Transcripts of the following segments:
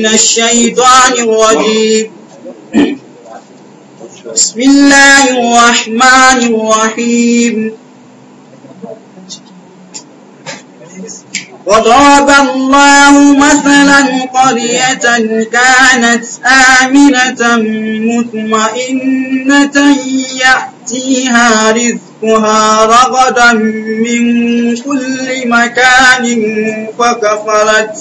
من الشيطان الرجيم بسم الله الرحمن الرحيم وضرب الله مثلا قرية كانت آمنة مطمئنة يأتيها رزقها رغدا من كل مكان فكفرت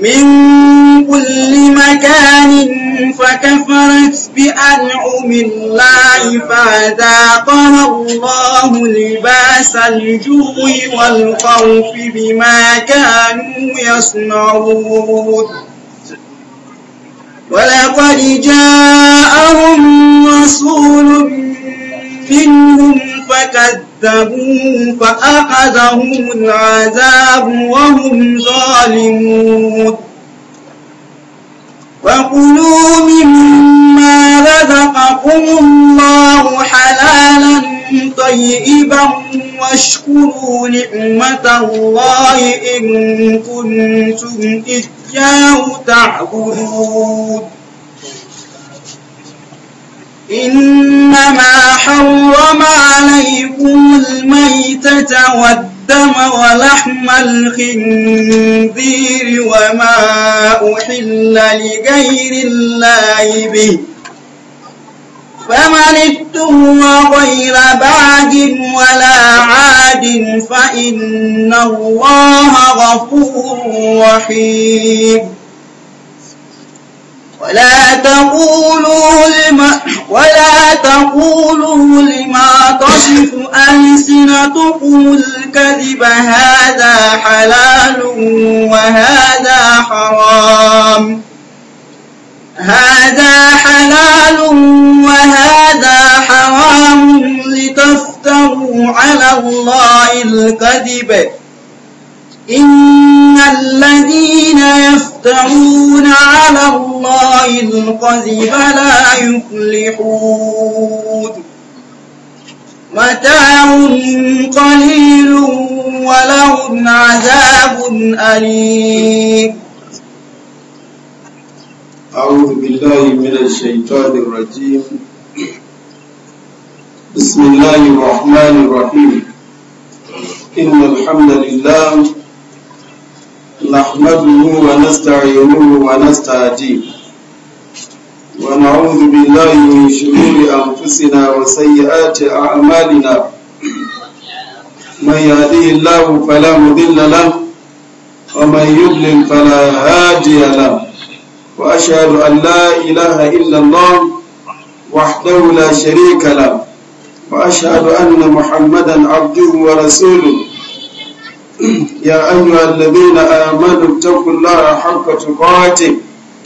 من كل مكان فكفرت بأنعم الله فأذاقها الله لباس الجوع والخوف بما كانوا يصنعون ولقد جاءهم رسول منهم فكذبوا كذبوا فأخذهم العذاب وهم ظالمون وكلوا مما رزقكم الله حلالا طيبا واشكروا نعمة الله إن كنتم إياه تعبدون إنما حرم عليكم الميتة والدم ولحم الخنزير وما أحل لغير الله به فمن اضطر غير باد ولا عاد فإن الله غفور رحيم ولا تقولوا لما ولا تقولوا لما تصف ألسنتكم الكذب هذا حلال وهذا حرام هذا حلال وهذا حرام لتفتروا على الله الكذب إن الذين يفترون على الله القذف لا يفلحون متاع قليل ولهم عذاب أليم أعوذ بالله من الشيطان الرجيم بسم الله الرحمن الرحيم إن الحمد لله نحمده ونستعينه ونستهديه ونعوذ بالله من شرور أنفسنا وسيئات أعمالنا من يهديه الله فلا مضل له ومن يضلل فلا هادي له وأشهد أن لا إله إلا الله وحده لا شريك له وأشهد أن محمدا عبده ورسوله يا أيها الذين آمنوا اتقوا الله حق تقاته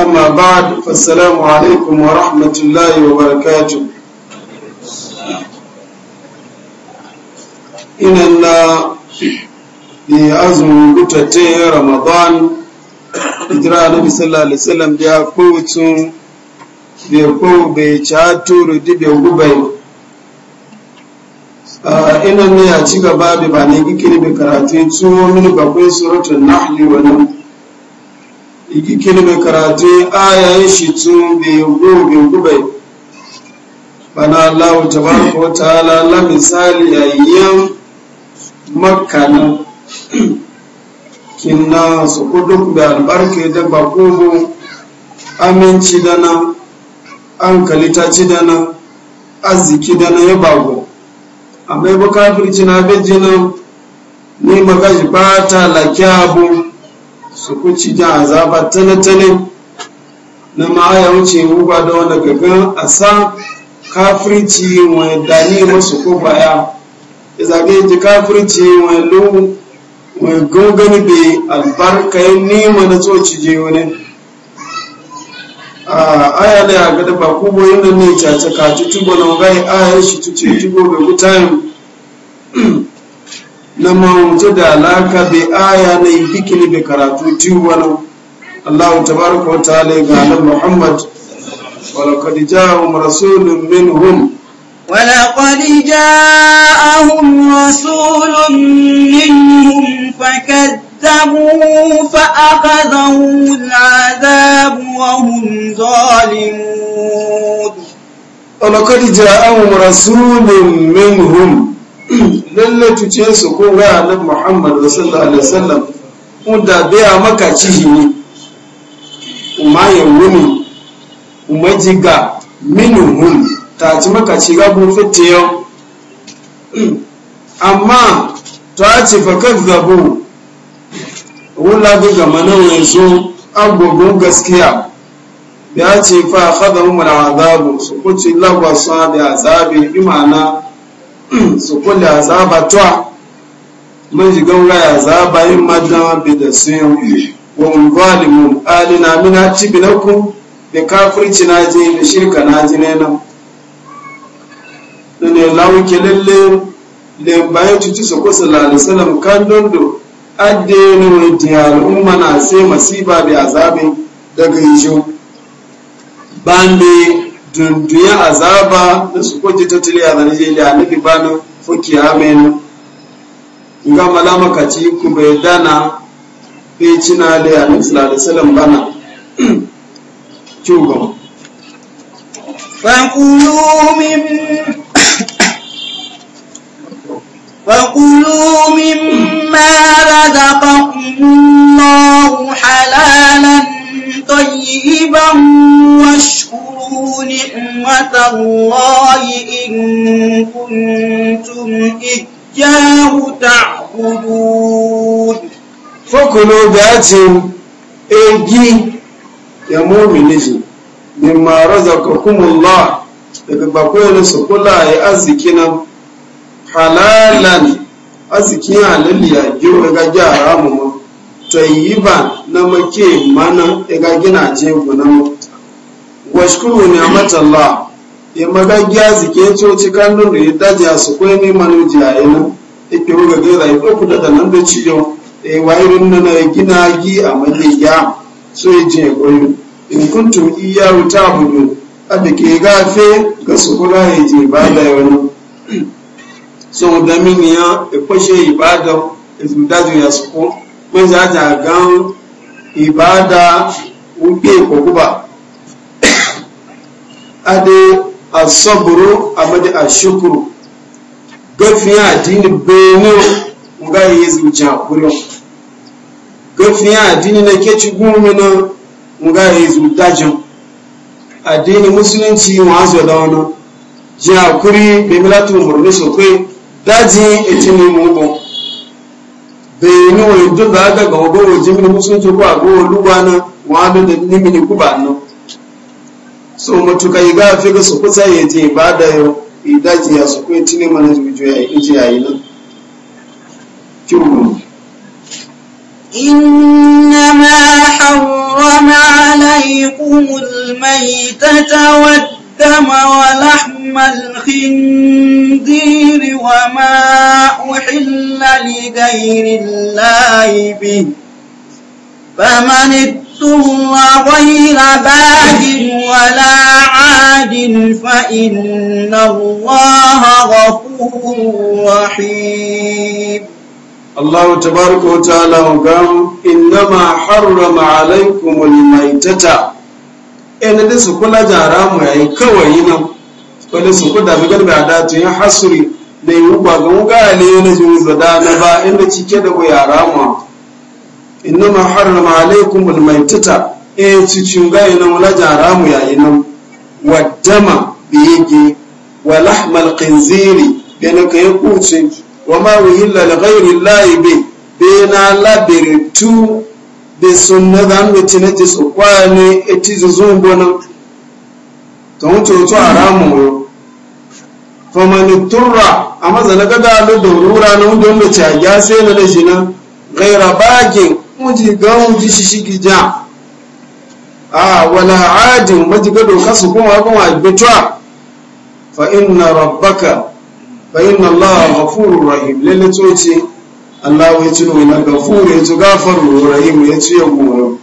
أما بعد فالسلام عليكم ورحمة الله وبركاته إن الله لأزم قتتي رمضان إجراء النبي صلى الله عليه وسلم بها بيقوت بيقو بيشاتور دي بيقوبي إن الله يأتي بابي بانيكي كريم كراتين سوى من بقوي سورة النحل ونمو iki kilimi karatu aya shi tun biyu bai bana ta tabaraka wa ta'ala la misali ayyam makkana kinna su kudu da albarke da bakubu aminci dana an kalita ci dana arziki dana ya bago amma ya bukafirci na bejina ne magaji ba ta lakiya abu su kuci da azaba tale-tale na ya wuce ruba da wanda gagan a sa kafirci wani dani masu ko baya ya zage ji kafirci wani lu wani gogani da albarka ya nema na tsoci je wani a aya da ya gada ba boyin nan ne cace kaci tubo na wani aya shi tuce tubo ga mutane na mawuta da alaka bai aya na yi hikini bai karatu tiwalo allahu tabaraka wa ta'ala ya ga nan muhammad walakadi ja'ahum rasulun min hun walakadi ja'ahum rasulun min hun fakaddamu fa'akadahu al'adabu wa hun zalimun walakadi ja'ahum rasulun min hun lalle cuce su ko ga annabi Muhammad sallallahu alaihi wasallam mu da biya maka cihi ne Kuma ya wuni kuma jiga minuhum ta ci maka ci fitte yau? amma ta ci fa kazzabu wula ga gamanin yanzu agogon gaskiya ya ce fa khadhum mu azabu su kuci lagwasa da azabi imana su kula azaba tuwa mun shiga ya azaba yin madan bi da sun wa mun zalimun alina mina ku? da kafirci na je da shirka na je ne nan da lawo lawuke lalle da bayan cuci su kusa lalisalam kan dondo ne wai da umma na sai masiba bi azabin daga yijo ban dunduya azaba da su kwace tattali a zarje da annabi fuki amen ga malama kaci ku bai dana bai cina da annabi sallallahu alaihi wasallam bana kyugo فكلوا من فكلوا مما رزقكم طيبا واشكروا نعمة الله إن كنتم إياه تعبدون فكلوا ذات إيجي يا مؤمنين مما رزقكم الله daga bakwai su kula ya arziki nan halalan arzikin halalliya gina gajiya haramun tayyiba na make mana ga gina je gunan washkuru ne matalla ya magagya zike coci kan da ya daja su kwai ne manoji a yana ike ruga gera ya ɗauku da nan da ciyo da ya wayirin na na gina gi a maliya so ya je koyo in kuntum iya wuta budu a da ke gafe ga su kura ya je ba da wani so da min ya kwashe ibada ya su dajo ya su ko manja jagan ibada wuke kokuba ade asaburu amadi ashukuru gafiya addini bene nga yi zuciya kuriyo gafiya addini na ke ci gumina nga yi zutajin addini musulunci wazo da wani jiya kuri bimilatu murni sokwai daji etini mugu bẹ̀yìn wọn yóò dọ́gba àgbàgbà ọgọ́ òjì mi ni mo tún tókọ àgọ́ olúwa náà á lọ́dẹ ní mi ní kúbà so matuka yi ga ga su kusa ya je ba da yau idaji ya su mana juju ya yi ji yayi nan إنما حرم عليكم الدم ولحم الخنزير وما أحل لغير الله به فمن اضطر غير باد ولا عاد فإن الله غفور رحيم الله تبارك وتعالى قال إنما حرم عليكم الميتة ɗan da su kula jara mu yayi kawai nan wani su kuda mi garba da to ya hasuri da yi ga wuga ne na jin zada na ba inda cike da yara mu inna ma harrama alaikum almaitata e ci cinga yana wala jara mu yayi nan wadama biyege wa lahmal qinziri bena kai kuce wa ma wihilla li ghairi llahi bi be sunna zan be na ti so a ne eti zuzun bona to mu to to aramu yo fa a turra amma ga da lu durura don be cha ya sai na da shi na ghaira bagin mu ga mu shi shi gija a wala adin mu ji ga do kasu kuma kuma bitwa fa inna rabbaka fa inna allaha ghafurur rahim lalle Allah ya cinu ina gafuru ya ci gafaru rahimu ya ci yago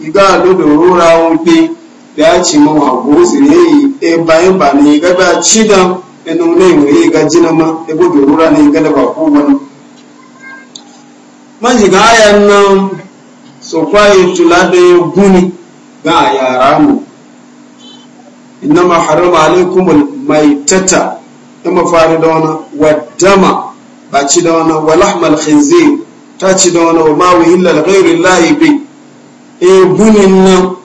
iga lodo rura wupe da ya ci mawa gosi ne yi e bayan ba ne ga ba ci da enu ne mu yi ga jina ma e gobe rura ne ga da ba ko Man manji ga ayan nan so kwaye tula da ya guni ga yara mu ma harama alaikumul maitata ta mafari da wani wadama ba ci da wani walahmal khinzir ta ci da wani ma wahilla ghairu lahi bi e bunin nan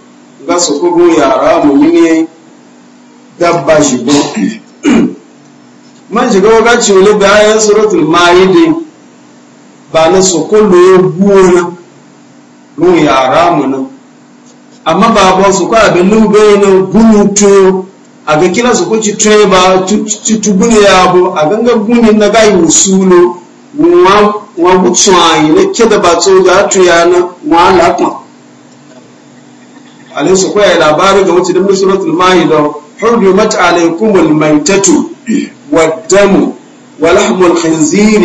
ga su kogo yara mu mine dabba shi bo man shiga waga ci wani bayan suratul ma'ide ba na su kullu ya buwa mu yara mu nan amma ba ba su kwa abin lube na bunin gunuto a ga kina su kunci tuye ba tugune ya bu a ganga gunin na gayi musulo wa gutsuwa yi na ke da ba tso da tuya na wa lakon alin su kwaya labarin ga wacce damar suratul ma'ida hurrimat alaikumul maitatu والدم ولحم الخنزير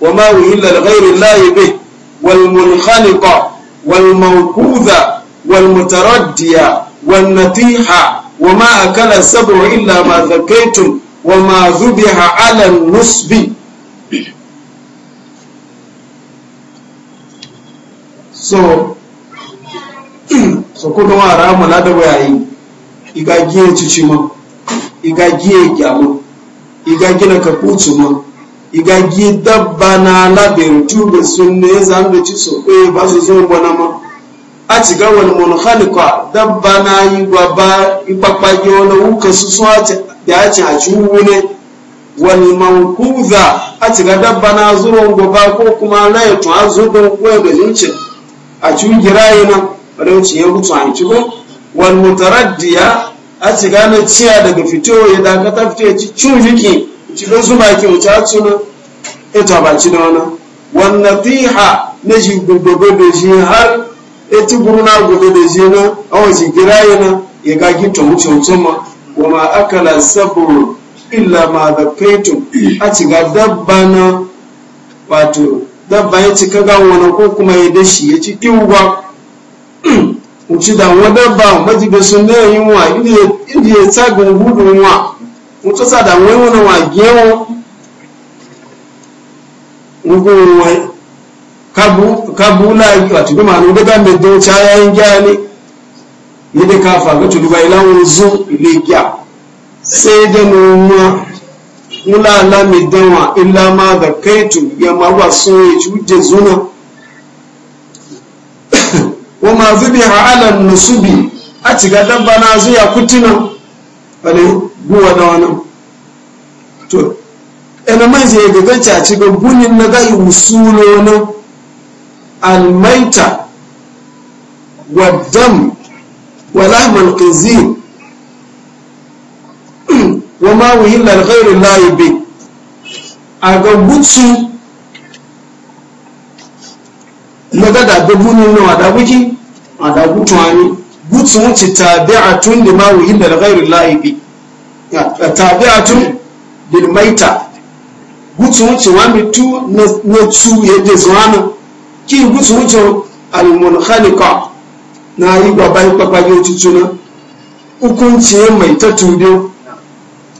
وما أهل لغير الله به والمنخنقة والموقوذة والمتردية والنطيحة وما أكل السبع إلا ما ذكيتم وما ذبح على النصب so so ko don ara mu la da wayayi igagiye cici mu igagiye gyamu igagina na kutu mu igagi dabba na labirin tube sunne zan da ci so eh ba su zo bana mu a wani gawal mulhalika dabba na yi gwaba ikpakpage wani wuka su sun da ya ci a ciwu ne wani mankuza a ci ga dabba na zuron gwaba ko kuma na yi tuwa zuron kuwa da lince a ciwu girayi na wadda ya rutu a ci ko wani mutaraddiya a ci gane ciya daga fito ya dakata fito ya ci cin jiki ci don zuba ke wuce a ci na ita ba ci na wani wani natiha na shi gudugudu shi har eti buru na gobe da shi na awon shi giraye na ya tun tumutumtum ma wa ma akala saburu illa ma da kaitu a ciga dabba na wato dabba ya cika ga wani ko kuma ya dashi ya ci ba uci da wani dabba majibe sun ne yin wa inda ya tsagun gudun wa mutu sa da wani wani wa wani. kabula wato bi ma'anu daga mai don cayayin gya ne yi da kafa ga tudu bai lawon zo ile gya sai da noma mula la mai danwa illa ma da kaitu ya mawa so ya ci cuje zuna wa ma zubi ha'alan nusubi a ciga dabba na zuya kutina wani guwa da wani to ɗan mai zai gaganci a ciga gunin na gayi musulo na almaita والدم ولحم القنزير وما وهل لغير الله به agagutsu naga da dabunin nawa da wiki a da gutuwa ne gutsu wuce tabi'atun da ma wuhin da ghairul laibi ya tabi'atun bil maita gutsu wuce wa mitu na tsu yadda zuwa kí gúúsù ń jọ alìmọ̀lùkánìkà na yi bàbá ìpapayé òtútù náà hukunci mai ta tudo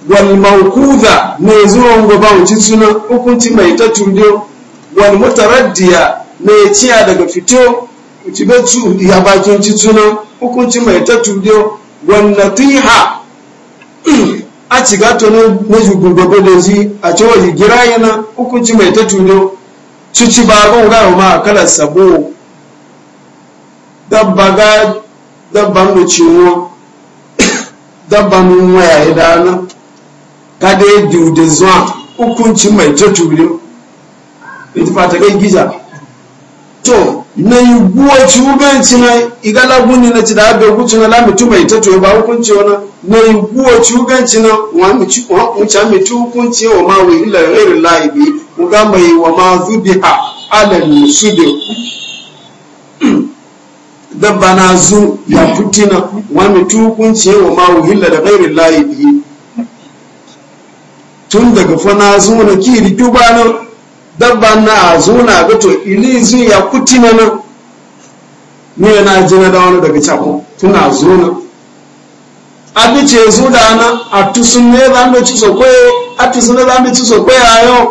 wal mawkuda ne zuwan gaba òtútù náà hukunci mai ta tudo wal mutaraddiya ne daga fito utibe tu ya bakin tutu nan hukunci mai ta tudo wal natiha a ciga to ne na jugugogo da ji a cewa yi gira yana hukunci mai ta cici ba gon ga ma kala sabo dabba ga dabban mu ciwo dabban mu waya idana ka dai diude zuwa hukunci mai tattubirin ita fata kai giza to na yi guwa ci hukunci na igala guni na ci da abe hukunci na lamitu mai tattu ba hukunci wani na yi guwa ci hukunci na wani ci hukunci wa ma wa ila irin la'ibi nga mai wa ma zubiha ala nusudu dabba na zu ya fitina wani tukunci wa ma wuhilla da gairin layi biyu tun daga fa zu zuna ki ritu na, dabba na zuna ga to zu ya kutina nan ne na jina da wani daga cakon zu zuna abice su dana, na a tusun ne za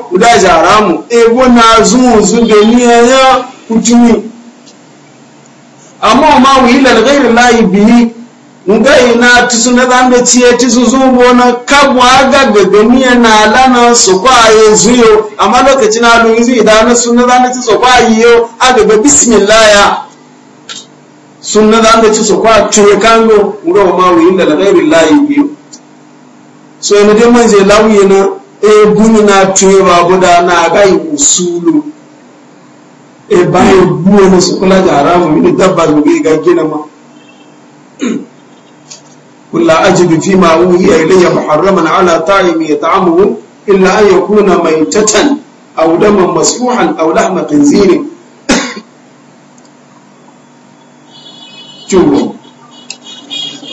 guda jara mu ebo na zuwa zube ni ya kutumi amma ma wuyi lalgairi layi biyi nga ina tusun ne za mu ci ya tusun zuwa aga gaga miya na lana sokwaye zuyo amma lokacin alu izu idan na sun ne za mu ci sokwaye yau agaga bismillah ya sunna da aka ci su kwa cire kango wuro ma wi inda da ghairi layi biyu so yana dai manje lawi na e guni na cire ba guda na gai usulu e eh, bayo buwa na su kula ga haramu ni dabba mu bi ga gina ma kula ajidu fi ma a ilayya muharraman ala mai ta'amuhu illa an yakuna maytatan aw daman a wudan lahma khinzirin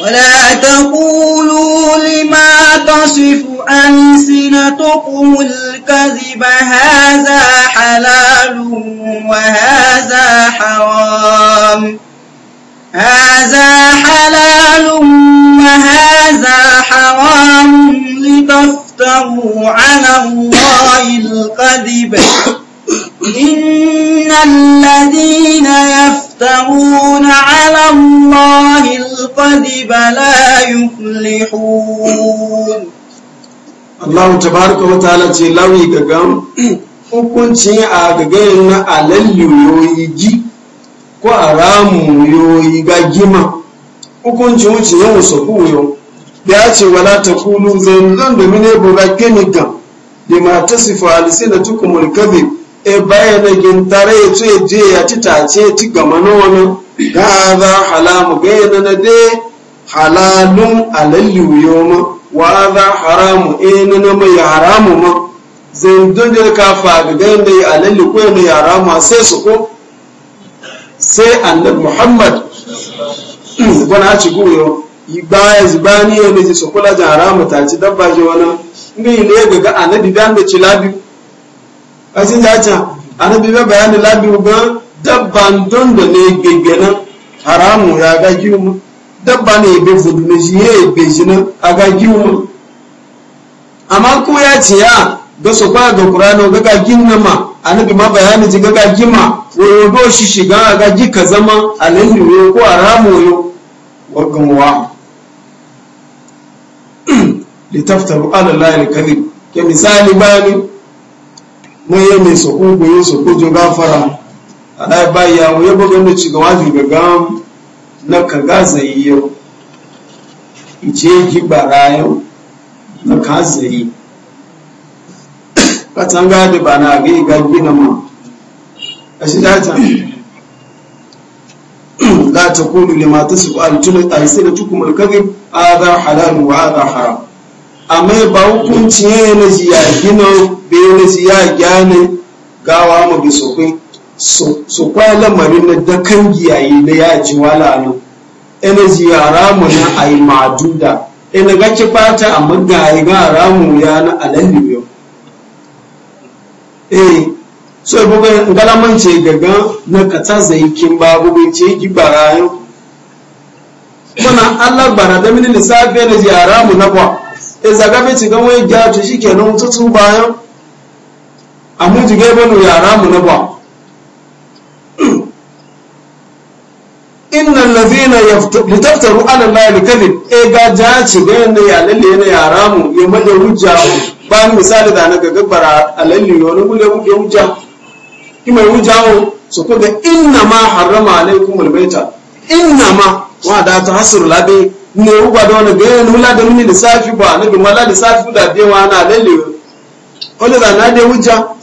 ولا تقولوا لما تصف ألسنتكم الكذب هذا حلال وهذا حرام هذا حلال وهذا حرام لتفتروا على الله الكذب إن الذين يفتروا يفترون على الله الكذب لا يفلحون Allah tabaraka wa ta'ala ce lawi gagan hukunci a gagayen na alalliyoyi ji, ko a ramuyoyi ga gima hukunci wuce yawon su kuyo ya ce wala ta kulu zai zan domin ne buga kemika da ma ta na alisina tukumul kabib ebaye bayyana gintare ya ce je ya ci tace ci gama na wani gaza halamu gayyana na dai halalun alalliyo ma wa za haramu ina e na mai haramu ma zai da ka faɗi gayyana yi alalli ko yana ya haramu sai su ko sai annab muhammad wani a ci goyo baya zibani ya ne ji su kula da haramu ta ci dabba ji wani ngai ne ga ga annabi da ci labiyu ajin da ajan anabi ba bayani labi ugan dabban dondo ne gbegbe na haramu ya ga giwu dabba ne ebe fudu ne shi ya ebe shi na a ga giwu amma ko ya ce ya ga su kwa ga kurano ga ga gin na ma anabi ma bayani ji ga ga gima wayo do shi shiga a ga gi ka zama alayhi yo ko haramu yo warkan wa litaftaru ala lahi alkarim ke misali bayani. mun yi mai sako goyi sako jo gafara a ɗaya baya mu yabo ganda ci ga wajen gaga na ka gaza yi yau je yi bara yau na ka zayi katan gadi ba na ga ga gina ma a shi data la takunu lima tasbu al-tulul al-sinatukum al A hadha halal wa hadha haram amma ba hukunci ne na ji ya gina bayan ji ya gyane gawa mu bi sokwe so kwa lamarin na da kan giyaye na ya ji wala no energy ya ramu na ai maduda ina ga ki fata amma ga ai ga ramu ya na alalli yo eh so ibo ga man ce gaga na kata zai kin babu bai ce ki barayo muna Allah bara da mini lissafi na ziyara mu na kwa e zaga ci ga wai gya to shikenan tutu bayan amuji bano yara mu na ba inna allazina litaftaru ala allahi alkadhib e ga jaci ga yanda ya lalle na yara mu ya maje hujja ba misali da na ga gabara alalli wani gule ya hujja ki mai hujja mu su ko ga inna ma harrama alaikum almayta inna ma wa da ta hasru labe ne uba da wani ga nula da mini lissafi ba na bi mala lissafi da biyan na lalle wani da na da hujja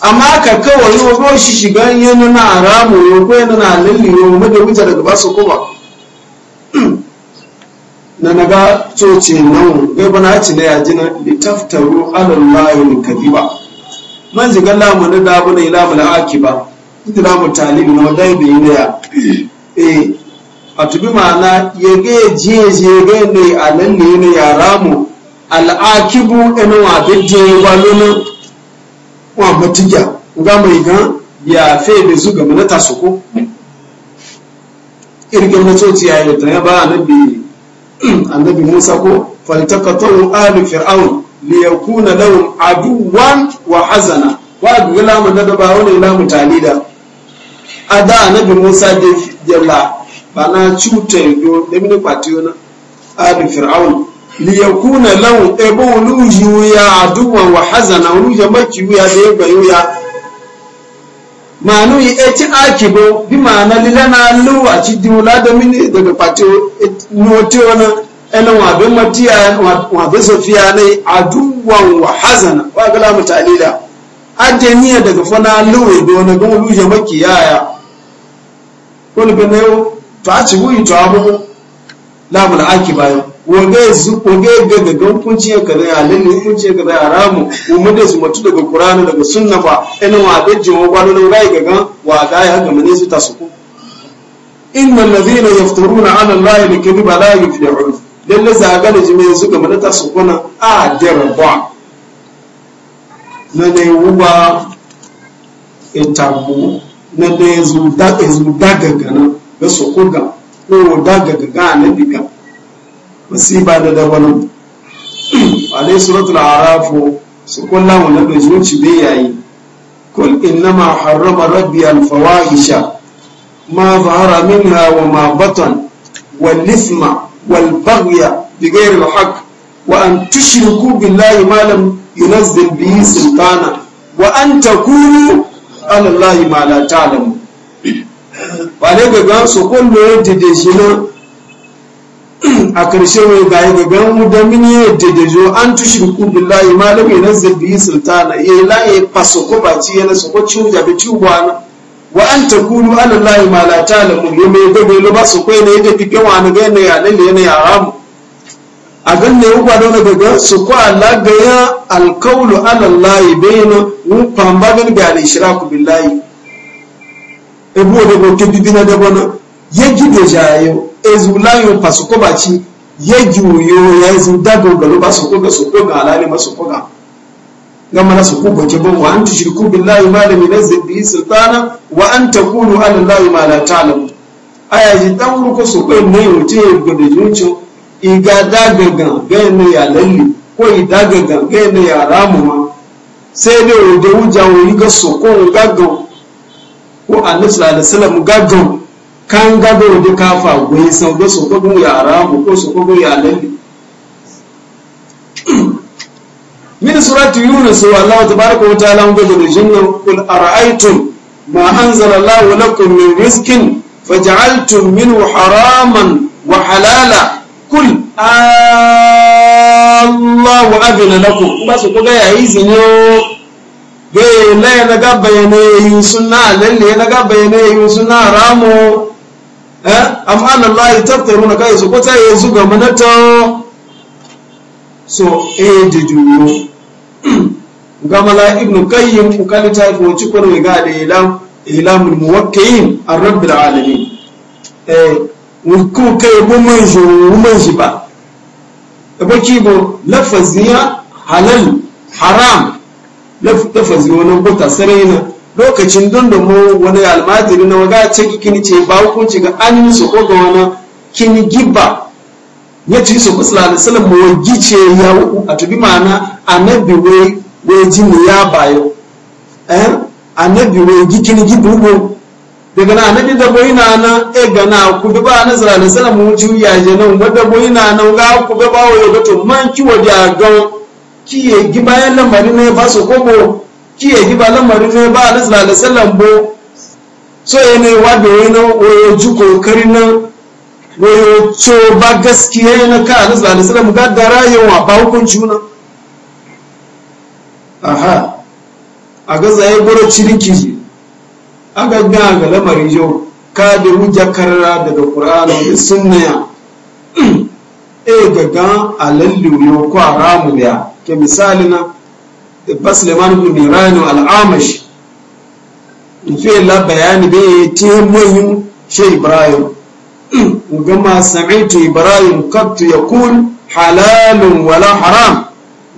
amma ka kawai wa shi shi yi yana na aramu ya ko yana na lalli yo wani da wuta daga basu kuma na naga coci nan gaba na ci na yaji na litaftaru ala allahi kadiba man jiga lamu na da bana ila aki ba. inda lamu talibi na wadai da ina ya eh a tubi ma'ana yage jeje yage ne a lalle ne ya ramu al'akibu ina wa ba gwalonu wa matuja nga mai gan ya febe zu ga mana tasoko irgin mutoci ya yi ya ba annabi annabi musa ko faltakatahu ahli fir'aun liyakuna lahum aduwan wa hazana wa gila mun da ba wani ila a ada annabi musa da jalla bana cutar yo da mini kwatiyo na ahli fir'aun liyakuna lahu ebo uluji ya aduwan wa hazana uluji maki ya da ya bayo ya manu yi eti akibo bi ma'ana lila n'a lu a ci dimula da mini daga fati e, noti wani ena wabe matiya wabe sofiya ne aduwan wa hazana wa gala mutalila adeniya daga fana lu da wani gan uluji maki yaya wani bane to a ci buyi to abubu lamul akiba yau wage zu wage ga ga hukunci ya kaza ya lalle hukunci ya kaza ya ramu mu da su mutu daga qur'ani daga sunna ba ina wa da jiwo ba da ga ga ga wa ga ya ga mene su ta suku inna alladhina yaftaruna ala allahi alkadhiba la yuflihun lalle za ga da jime su ga mene ta suku na a jarba na ne wuba itabu e na dai zu da e zu daga ga na ga suku ga ko daga ga ga ne diga musiba da dabanin dai suratul arafu su kulla mu na dozuci bai yayi kul ma harrama rabbi alfawahisha ma zahara minha wa ma batan wal isma wal baghya bighayri alhaq wa an tushriku billahi ma lam da bihi sultana wa an takunu ala allahi ma la ta'lamu wale ga su kullu da shi na a ƙarshe mai gaya ga gan da mini yadda da jo an tushin billahi ma lam yunzil bihi sultana ya la ya faso ko ba ci yana soko ko da bi cuwa na wa an takulu ala layi ma la ta'lamu yo me gobe lo ba so ko ne yadda bi kewa na ga ne ya lalle ne ya haram a gan ne uba don ga ga su ko Allah ga ya alqawlu ala allahi bayna mu pamba ga ga al-ishraku billahi ebu da ko kibibina da bona yaji da jayo ezulayo faso ko ba ci ya juyo ya yi dago galo ba su koga su koga alali ma su koga gama na su koga ke ban wa an tushriku billahi ma lam yunzil bihi sultana wa an taqulu ala allahi ma la ta'lamu A ji dan ruko su kai ne wuce ga da yuncu iga daga ga ga ya lalle ko i daga ga ga ya ramu ma sai ne o da wuja o yi ga su ko gaggo ko annabi sallallahu alaihi wasallam kan gado da kafa gwai sau da su gugu yara mu ko su gugu yalan min surati yunus wa allah tabaraka wa ta'ala gado da jinnan kul ara'aytum ma anzala allah lakum min rizqin faj'altum minhu haraman wa halala kul allah wa adina lakum ba su kuga ya izini bai lai na bayanai yin suna lalle na bayanai yin suna ramu Eh? am alallahi taftaruna kai su kota ya zuga manata so e eh, de juyo gamala ibn qayyim ukalita ko cikon riga da ilam ilamul muwakkiyin arrabbil alamin eh wuku kai bu mun zo mun shi ba baki bo lafaziya halal haram lafaziya wannan ko tasarina lokacin don da mu wani almajiri na waga ce kini ce ba hukunci ga an su ko ga wani kini giba ya ci su kusa da salam mu wagi ce ya a tubi ma'ana annabi wai wai jini ya bayo eh annabi wai gi kini gibba ko daga na annabi da boyi na na e ga na ku bi ba na zara da salam mu ju ya je nan wadda boyi na na ga ku bi ba wa yo to man ki wadi a ga ki ye gibayan lamarin ne ba su ko kí èyí bá lọ́mọdún fẹ́ bá alẹ́sìlá alẹ́sẹ́lẹ̀ ń bó so yẹn ne ìwádìí orin náà oye ojú kò kiri náà oye tó bá gẹ́sìkì yẹn náà ká alẹ́sìlá alẹ́sẹ́lẹ̀ mú ká dára yẹn wọn aha a gaza ya gwada ciriki aka gan ga lamarin yau ka da wuja karara daga ƙur'ana da sunnaya e gaga alallu yau ko haramu ya ke misali na ba suleiman ibn miran al-amash fi la bayani be temayin shi ibrahim gama sami'tu ibrahim ya yaqul halalun wala haram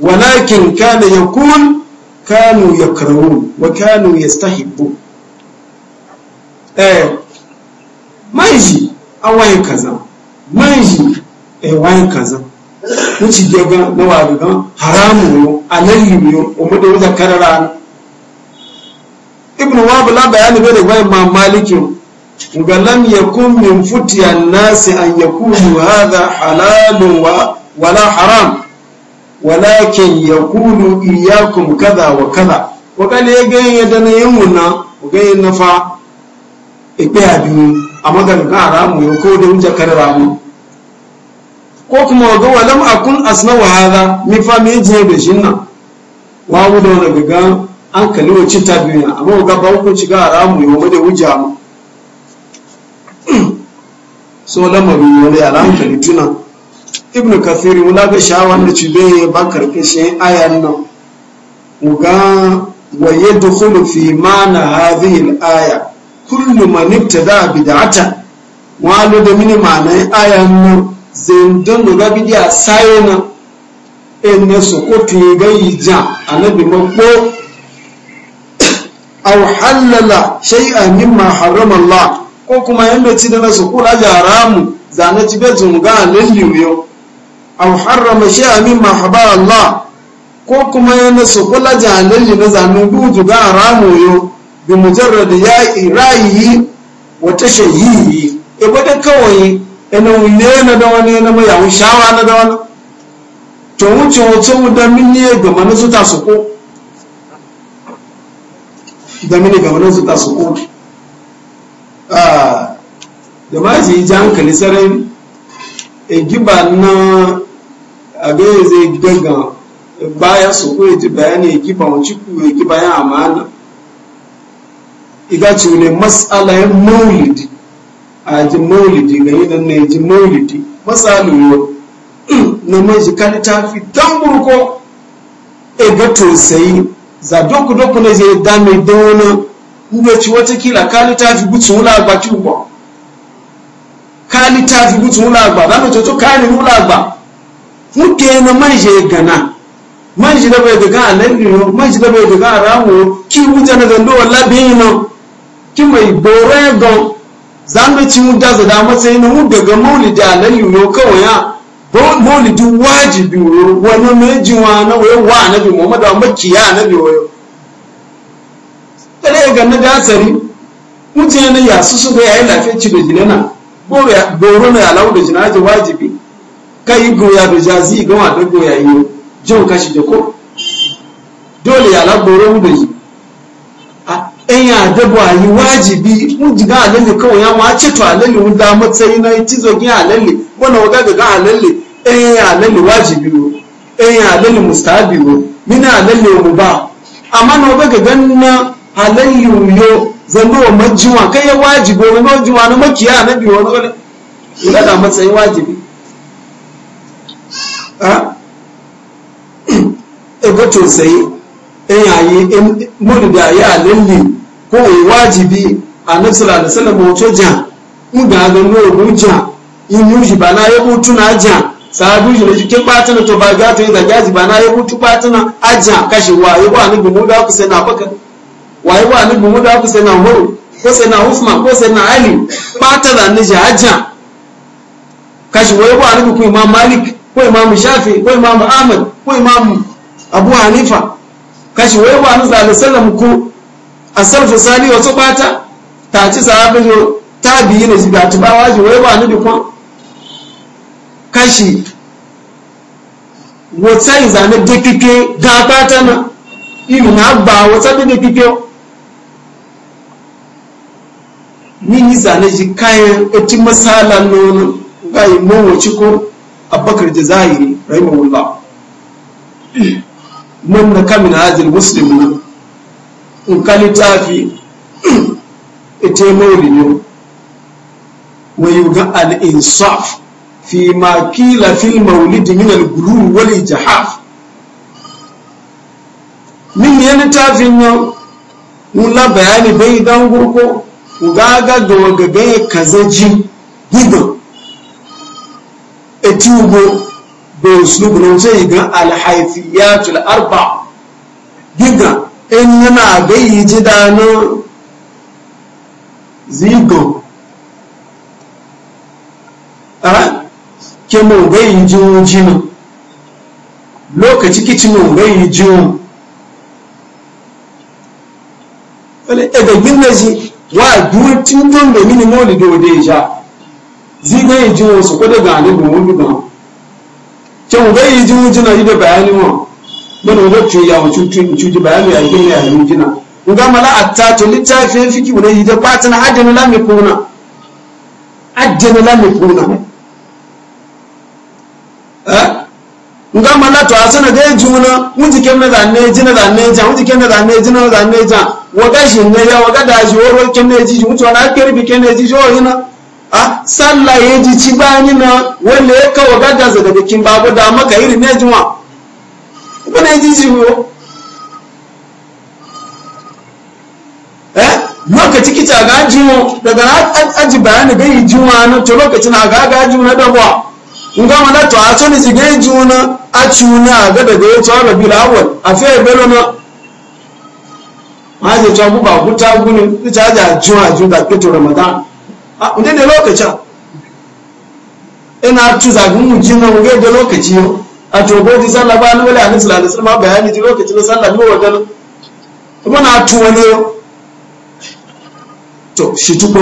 walakin kana kun kanu ya yakrahun wa kanu ya yastahibbu eh manji awai kaza manji eh wai kaza wuci gaba na wari gan haramu yo alayyu yo o mu da wuza karara ibn wahab la bayani bai da gwai ma maliki ga lam yakun min futi futiyan nasi an yakunu hadha halalun wa wala haram walakin ya yakunu iyyakum kada wa kaza wa kan ya ga yadda na yin wannan ga yin nafa ipe abi amma ga haramu yo ko da wuza karara mu ko kuma ga walam akun asnawa hada mi fa mi je da shinna wa mu da wani gaga an kalli wacce ta duniya amma ga ba ku shiga haramu yau da wuja mu so lamarin wani haramu kalli tuna ibnu kathir wala ga shawan da cibe ba karkashin ayan nan uga wa yadkhulu fi mana hadhihi al-aya kullu man ibtada bid'atan wa lu da mini yi ayan nan zindan da gabi da sayo na ene sokoto a yija annabi mako aw halala shay'an mimma harama Allah ko kuma yanda ci da na su sokora ja haramu zana ci be zunga lalliyo aw harrama shay'an mimma haba Allah ko kuma yana sokola ja halalli na zanen buju ga haramu yo bi mujarrad ya irayi wa tashahihi e kawai ina wune na da wani na mai yawon shawa na da wani to wuce wato mu da mini ga mana su ta su ko da mini ga mana su ta su ko ah da ma ji ji hankali sarai e giba na abe zai gaga bayan su ko e ji bayani e giba wa ku e giba ya amana iga ne maulidi a maulidi ga yi nan ne ji maulidi matsaluyo na maji kan fi dan burko e ga tosayi za doku doku na je da mai dona ndo ci wata kila kali fi gutsu wula agba ki ugbo kali fi gutsu wula agba za mutu to kali wula agba muke na manje gana manje da bai daga a no manje da bai daga rawo ki wuta na zando wallahi bi no ki mai bore don zanga ci mu da zada matsayi na mu daga maulidi alayyu yo kawai ya maulidi wajibi wo wani mai wa na wayo wa annabi muhammadu wa na bi wayo tare ga na gasari mutane na ya su ga yayi lafiya ci da jinana goro na alawu da jinaji wajibi kai goya da jazi gama da goya yi jin kashi da ko dole ya lagoro mu da shi ɗanya da bayi wajibi mun jiga alalli kawai ya ma ce to alalli da matsayi na ci zogi alalli wanda waga gaga alalli ɗan ya wajibi wo ɗan ya alalli mustahabi mina mu ba amma na waga gaga na alalli yo zanno wa majiwa kai ya wajibi wani majiwa na makiya na biyu wani wani wajibi to sai mun da ya kowai wajibi a nasara da sanar wato ja in ga ga ogun ja in yushi ba na ya mutu na ja sabu shi na jikin batana to ba ga to yin zagaji ba na ya mutu batana a ja kashe waye ba ni gumu da ku sai na baka ba ni gumu da ku sai na horo ko sai na usman ko sai na ali bata da ni a? Kashi kashe ba ni ku imam malik ko imam shafi ko imam ahmad ko imam abu hanifa Kashi waye ba ni sallallahu alaihi wasallam ko asarfu sani wato bata ta ci sahabin yo ta biyi na ta atubawa ji wai ba ni dukwan kashi wata zane dekike ga bata na ilu na ba wata dekike min yi zane ji kayan eti masala nono ga yi mawaci ko abakar zahiri rahimahullah mun na kamina hajjil muslim na nka littafi ita yi maulinyo wa yi ga fi makila fil maulidi min al-guru wal jihaf min yi littafin yau nuna bayani bai don gurko gaga da wagaga ya kaza ji gudun eti ugo da usulubu na wuce yi ga alhaifiyatul arba giga. in yana gayi ji dano zigo a mu gayi ji jino lokaci mu gayi ji wani ebegbin na ji wa duwar don da mini moli da wade ja zigo yi e ji wasu kwada ga alibu wani gan kemo gayi ji jina yi da bayani mu. mana wacce ya wuce cuci bayani ya gina ya gina in ga mala atta to littafin fiki wani da batin ajin la mi kuna ajin la mi kuna eh in ga mala to asana ga juna mun jikin na zanne jina zanne ja mun jikin na ne jina zanne ja waga shi ne ya waga da shi woro kin ne ji mutu na kirbi kin ne ji jo yana a sallaye ji ci bani na wanda ya kawo gadaza daga kin babu da maka irin ne jima wọ́n náà jíjì wo lokaci a ga jiwo daga aji bayani ga yi jiwa na to lokacin a ga ga jiwo na dabuwa in ga mana to a tsoni si ga yi jiwo na a ga daga ya tsawa rabi lawal a fiye belo na ma je tsawa ku ba ku ta guni ku ta ja jiwa ju da ramadan a da lokacin ina tuza gun jina mu da lokaci yau a togoji sallah ba ni wala anisla da sulma bayani ji lokacin da sallah ni wadan kuma na tuwale to shi tuko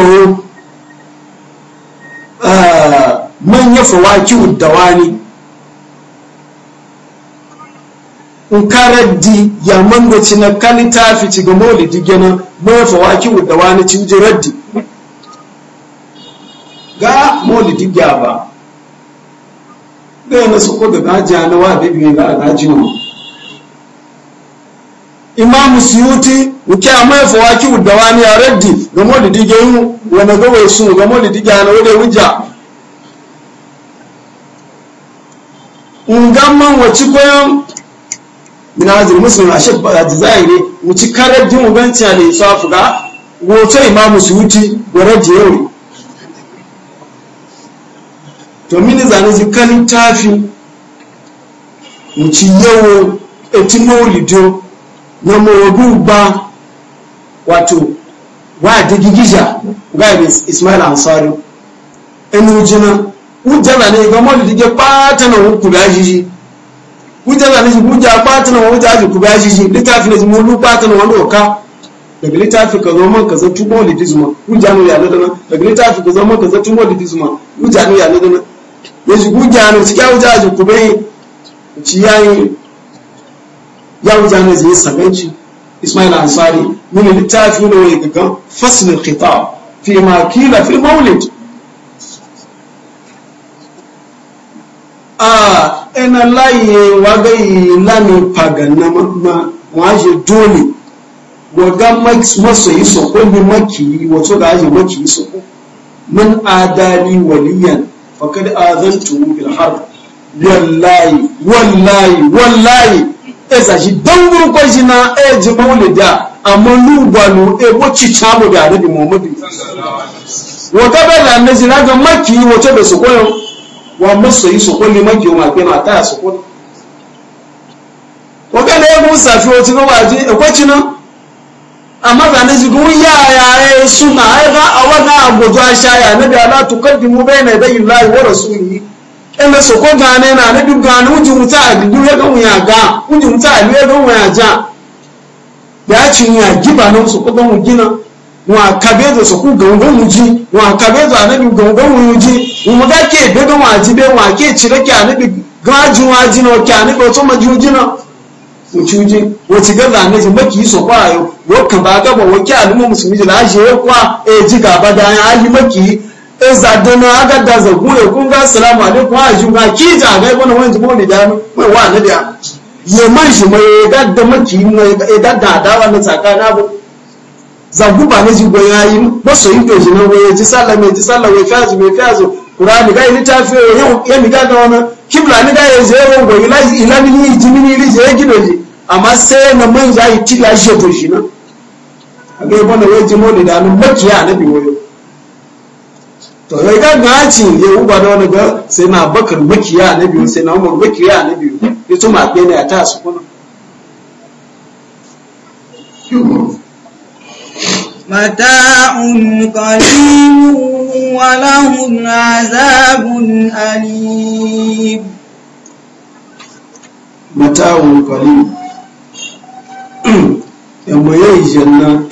ah, man ya fawa kiwu dawani in karaddi ya mangaci na kalita fi ci ga maulidi gina man ya fawa kiwu dawani cin jiraddi ga maulidi gya ba bẹ́ẹ̀ ni sọ́kọ́ bẹ̀bẹ̀ da biyu bíbí a daji ne. imamu suyuti nke a mai fawaki udawa wani a raddi game da digen wani gawai su game da digen na wadai wujja man wace koyon min azir muslim a shabba da ne wuci karar jin ubanci a laifafu ga goto imamu suyuti ga raddi yau to mini zane ji kan tafi nci yawo eti maulido na morobu ba wato wa da gigija ga ismail ansari enu jina ujala ne ga maulido ge pata na hukku da jiji ujala ne ji buja pata na wuja ji ku da litafi ne ji mulu pata na wani ka daga litafi ka zo ka zartu mawalidi zuma ya daga ka ka zartu zuma hujja no ya na yezugu jano cikyawu jaji kube ciyayi yawu jano zai sabanci ismail ansari mini littafi ne wai gaga faslul kita fi ma kila fi maulid a ah, ina laye wagai lami pagana ma waje dole waga masoyi soko bi maki wato ga aje maki soko man adali waliyan faqad azantu bil harb wallahi wallahi wallahi esa shi dangur ko shi na e ji maulida amma lu balu e bo ci chamu da nabi muhammadu wa kabala na jira ga maki wato da su koyo wa musu yi su kulli makki ma kai mata su kulli wa kana musa fi wato ba ji e ko ci na amma zane zigun yaya suna haifa a wannan agwajo a shaya na da ala tukaddimu bai na yi layi wa rasuli in da soko gane na na duk gane wujin wuta a dubu ya gan wuya ga wujin wuta a dubu ya gan wuya ja ya ci ya giba na soko gan wujina wa kabezo soko gangan wuji wa kabezo a nabi gangan wuji wa maga ke bebe wa jibe wa ke cire ke a nabi gajin waji na ke a nabi wato maji wujina uchuje wochigaza neje makiso kwayo wokabaga bo wokyalimo musumije laje kwa ejiga e, badanya ali maki ezadona agadaza kuye kunga assalamu alaikum ajunga kija ga ibona wanzu bone dano we wa na da ye marshi mai gadda maki mai gadda da wannan tsakana bo zaguba ne jigo yayi maso yi doji na waye ji sallame ji sallawe fazu me fazu Qur'ani ga ni tafi yau ya mi ga wannan kibla ni ga ya zai won go ila ila ni ni ni ji amma sai na mun za yi tila to na ga ba na wai jimo da nan makiya na bi wayo to ya ga gaci ya uba da wani ga sai na bakar makiya na biyu sai na umar makiya na ta su kuna متاع قليل ولهم عذاب أليم متاع قليل يوم ya yi janna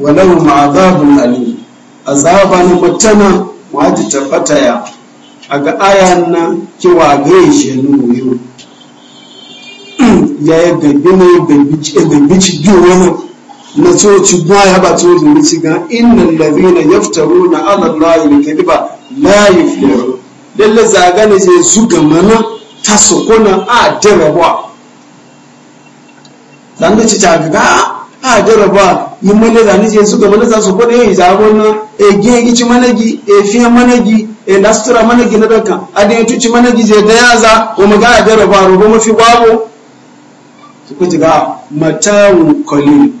عذاب أليم عذاب ma'azabun alim azaba na matana a ga ayan na cewa ga yi jannu ya yi gabbi na yi gabbi ci wani na tsoci baya ba tsoci mici ga innan labina yaftaru na alallahi ne kadi ba layi fiyaru lalle zaga ne je zuga mana ta sokona a jaraba dan da ci ta ga ah, a jaraba yi mana da ni je zuga mana ta sokona yi eh, zabo na eh, e gege ci mana gi e fiya mana gi e lastura mana gi na daka adin tuci mana gi je da za ko maga a jaraba ro mafi babu su ku ci ga mata'un qalil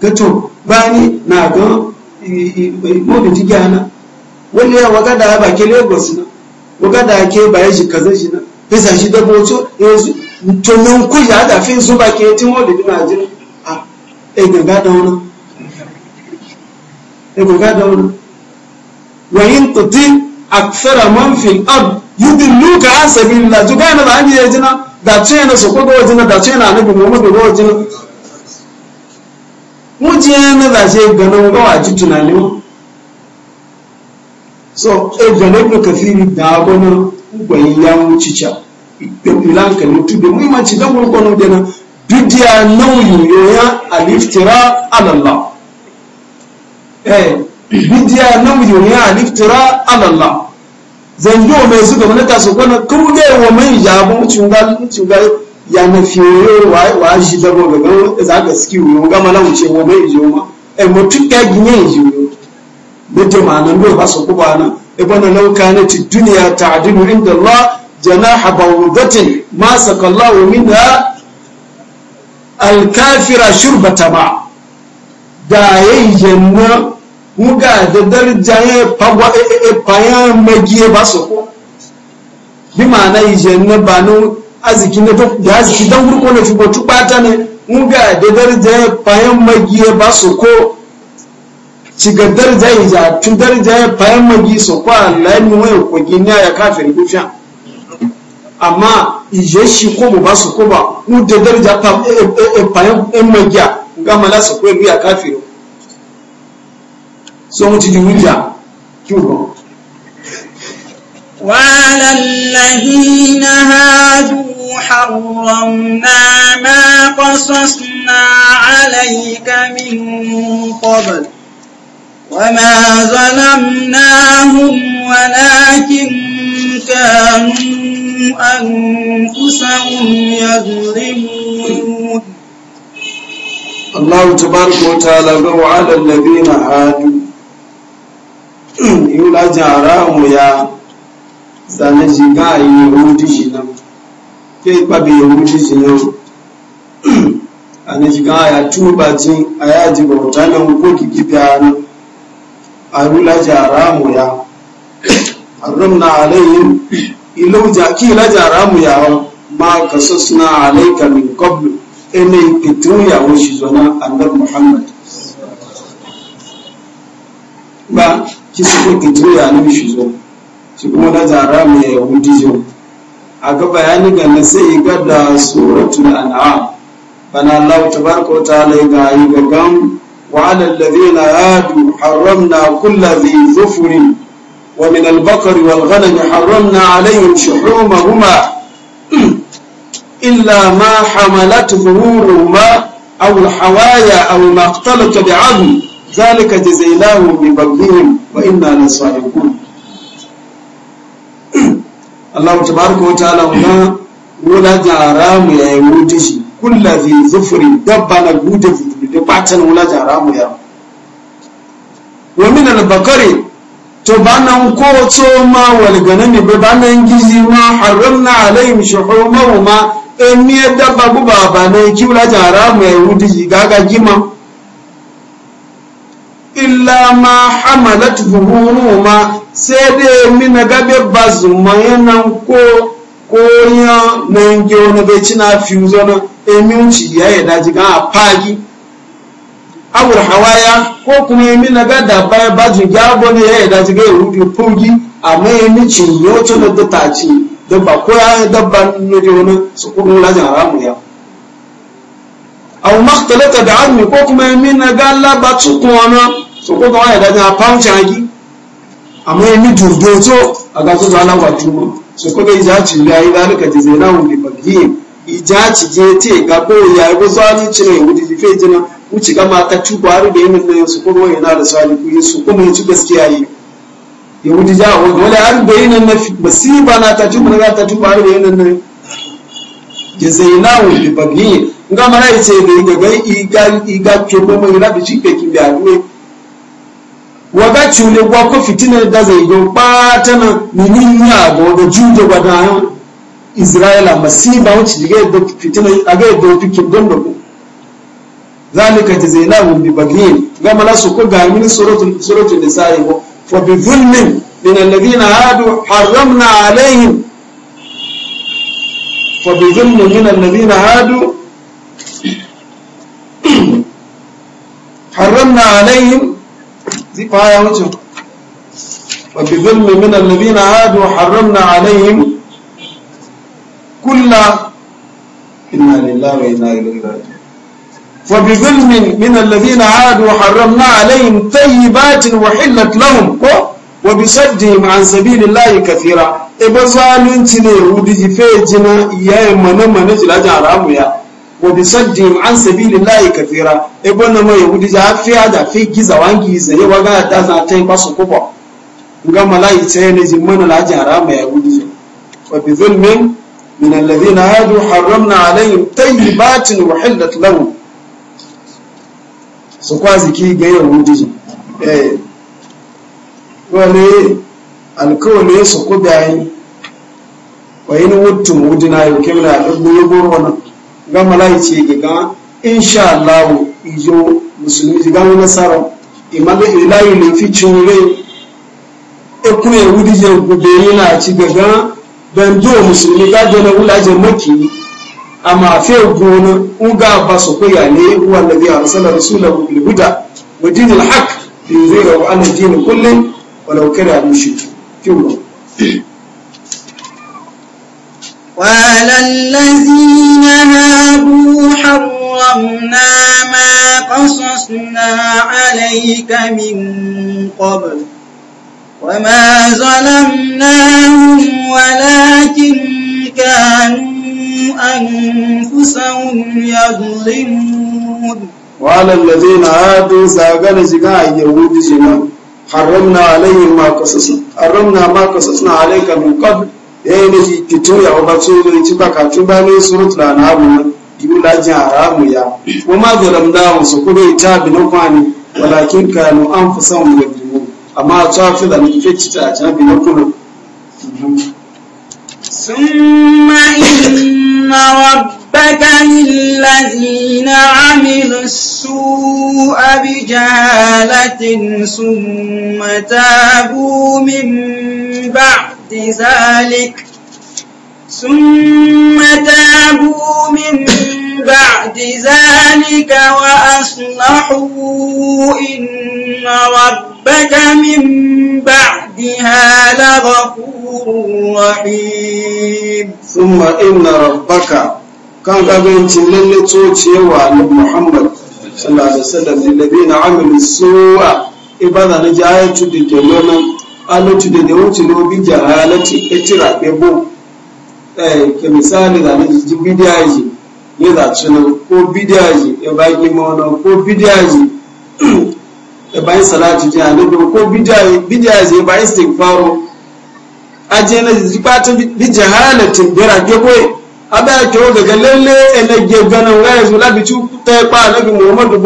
gato bani na ga mobin jigiya na wani ya waga da ba ke lagos na waga da ke bayan shi kaza shi na pesa shi da boto yanzu to nan ku ya da fin su ba ke tin wani na jira a e ganga da wani e ganga da wani wa in tuti akthara man fil ard yudilluka an sabilillah to jugana ba an yi jina da ce na su ko ga jina da ce na mu mu ga jina mu mujiyar na zashe ganin gawa ji tunanin so e ganin da kafiri da gwanin gwayi ya wuce ca da filan kalin tudu muhimmanci don gwargwano da na dudiya nauyi yoya aliftira alalla eh dudiya nauyi yoya aliftira alalla zanjo mai su gaba na taso kwanan kuma ne wa mai jabo cunga ya na fiye wa wa shi zabo ga ga e za ga ski wo ga mana wuce wo mai jo ma e mutu ga ginye ji wo mutu ma nan do ba su ku ba nan e bana law kanat dunya ta'dilu inda Allah janaha bawdatin ma sakallahu minha alkafira shurbata ma da yayi janna muga da darja ya fagwa e fayan e, e, magiye ba su ku bi ma na yi ba nan aziki na duk da aziki dan gurko na fibo ta ne mun ga da darja bayan magiye ba su ko ga darja ija tun darja fayan magi su ko Allah ni waye ko ginya ya kafiri gufya amma ije shi ko ba su ko ba mu da darja e- e- e- fayan en magiya ga mala su ko ya kafiri so mu ci dinja winja kiwo وعلى الذين هادوا حرمنا ما قصصنا عليك من قبل وما ظلمناهم ولكن كانوا أنفسهم يظلمون الله تبارك وتعالى وعلى الذين هادوا يولا جارا ويا zane shiga a yi yahudi shi nan ke kpabe ya wuce shi yau a ya tuba ji a ya ji bauta na hukoki kifi a nan a rula jara mu ya haram na alayin ilau jaki la jara mu ya kaso ma na sassuna alaika min qablu ene fitu ya wuce zona annab muhammad ba kisa ko fitu ya nan shi zo shi kuma la jara mu ya wuce zona a ga bayani ga na sai ga da suratul an'am bana Allah tabaraka wa ta'ala ga yi ga gam wa 'ala alladhina hadu harramna kulli dhi dhufrin wa min al-baqari wal ghanami harramna 'alayhim shuhumahuma إلا ما حملت ظهورهما أو zalika أو ما اختلط بعظم ذلك جزيناهم ببغيهم وإنا لصادقون Allah tabaraka wa ta'ala wa wala jara mu ya yi wuce shi kulla zai zufuri dabba na gute fudu da batan wala jara mu ya Wani nan al bakari to banan ko to ma wal ganami be banan gizi ma haramna alaihim shuhumahuma emiye dabba guba ba ne kiwla jara mu ya yi wuce shi gaga gima illa ma hamalat zuhuruhuma sai dai mi na gabe ba zumayanan ko koyan nan ge wani bai ci na fi zana emin ci ya yi daji gan a fagi abul hawaya ko kuma emin na ga da baya ba zu gyabo ne ya yi daji gan rufe kogi amma emin ci yau ci na duta ci dabba ko ya yi dabba na ge wani su kudu lajin haramu ya au maktalata da almi ko kuma emin na ga labatu kuma so ko ga waya daga pamcha agi amma yi durdo to a ga su zana ba so ko dai jaci ya yi zalika ji zai nawo bi baghi i jaci je te ga ko ya yi ko zani cire wudi di fe jina wuce ga mata tuba har da yin nan su ko waya na da sali ku su ko mun ci gaskiya yi yahudi ja wa wala har da yin nan masiba na ta tuba na ta tuba har da yin nan je zai nawo bi bagi nga mara ise da ga ga iga iga ke ko mai rabi ci pe ki bi waga cule gwa ko fitina da zai go bata na ninin ya go da juje gwa da isra'ila masiba wuce diga da fitina a aga da fiki gondo ko zalika jazainahu bi baghin gama la su ko ga min suratul suratul nisa'i ko fa bi zulmin min alladhina hadu harramna alaihim fa bi zulmin min alladhina hadu harramna alaihim zifa ya wuce wa bi min alladhina hadu harramna alaihim kulla inna lillahi wa inna ilaihi raji'un fa bi zulmin min alladhina hadu harramna alaihim tayyibatin uhillat lahum ko wa bi saddihim an sabilillahi kathira e ba zalunci ne rudi fe wa bi saddihim an sabilillahi kathira e bonna mai yahudi ja afiya da fi giza wangi zai wa ga da za ta yi basu kuba ga malaika ne jimmana la jara mai yahudi wa bi zulmin min alladhina hadu harramna alaihim tayyibatin uhillat lahum su kwazi ki ga yahudi eh wale alkawali su kubayi wa in wuttum wudina yukimna dubu yubur wannan ga malaici gaga insha Allah ijo musulmi ga wani nasara imaga ilayi ne fi cure e wudi je gobe yana ci gaga dan do musulmi ga da wula je maki amma fe gona uga ba su koya ne wallahi arsala rasulahu bil huda wa dinil haqq zai yuzhiru an din kullin walau kana mushrik kiwo وعلى الذين هادوا حرمنا ما قصصنا عليك من قبل وما ظلمناهم ولكن كانوا أنفسهم يظلمون وعلى الذين هادوا ساقل سكاء يهود سنا حرمنا عليهم ما قصصنا حرمنا ما قصصنا عليك من قبل eh ne shi ya ba so ne ci ba ka ba ne suratul anhar ne ibu la ji haramu ya wa ma zalamna su kuma ita bi na kwani walakin kanu anfusahum mu, amma ta fi da ni fice ta ta bi na kuma ثم إن ربك للذين عملوا السوء بجهالة ثم تابوا من بعد بعد ذلك ثم تابوا من بعد ذلك وأصلحوا إن ربك من بعدها لغفور رحيم ثم إن ربك كان قبل تلل توتي وعلى محمد صلى الله عليه وسلم للذين عملوا السوء إبادة نجاية تدجلون alatu da dewa ci no bi jahalati etira bebo eh ke misali da ne ji bidiyaji ne da cinu ko bidiyaji ya e ba gi ko bidiyaji ya e ba salati ji ne ko bidiyaji bidiyaji e ba a je na ji pata bi jahalatin bira bebo abẹ́ tó gẹ̀gẹ̀ lélé ẹlẹ́gẹ̀ gẹ̀nà rẹ̀zù lábi tí ó ba na bi muhammadu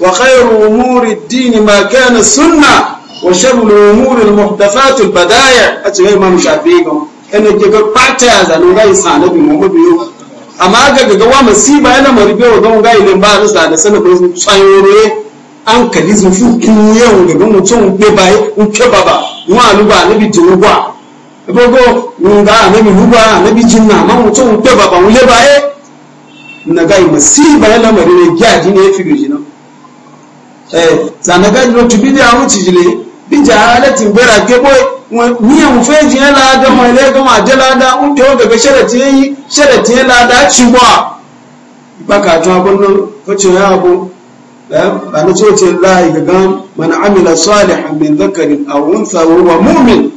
wa khairu umuri dini ma kana sunna wa sharru umuril muhdathatil badaya a cikin imam shafi'i ga ene ke ga pata ya zanu ga isana bi mu biyo amma ga ga wa masiba yana maribe wa don ga ile ba rusa da sana ko tsayore an kali zufu kiyo ga ga mutum be bai u ke baba mu aluba ne bi tuwa gogo nga ne bi huwa ne bi ma baba mu le eh zanaga no tubidi a wuci jile bija halatin bera gebo miyan feji ya lada mai lega ma je lada un to daga sharati yayi sharati ya lada ci ba baka to abun nan kace ya ba na ce ce lahi ga gan man amila salihan min dhakarin aw untha wa huwa mu'min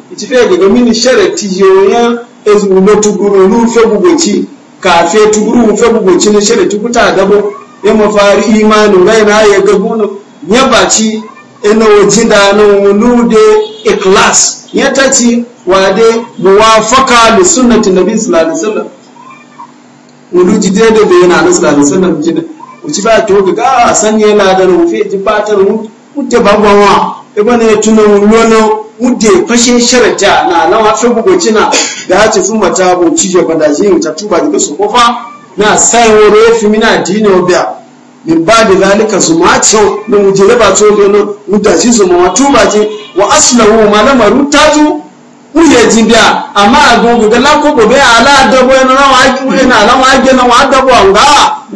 ya ina wajen da nunu da ikhlas ya ta ci wade muwafaka da sunnatin nabi sallallahu alaihi wasallam wulu ji da da yana na sallallahu alaihi wasallam ji da uci ba to ga ah, san yana da rufe ji mu mutte bagwawa e ya tuna fashin sharata na lawa fi na da ya ci sun mata bo ta tuba da na sai wore fi mina wa biya min ba da zalika su ma cewa na mujere ba to le no mutaci su ma tu ba ji wa aslahu ma na maru ta zu uye ji biya amma a gungu ga lako bobe ala dabo yana na wa ki na ala wa ge na wa dabo anga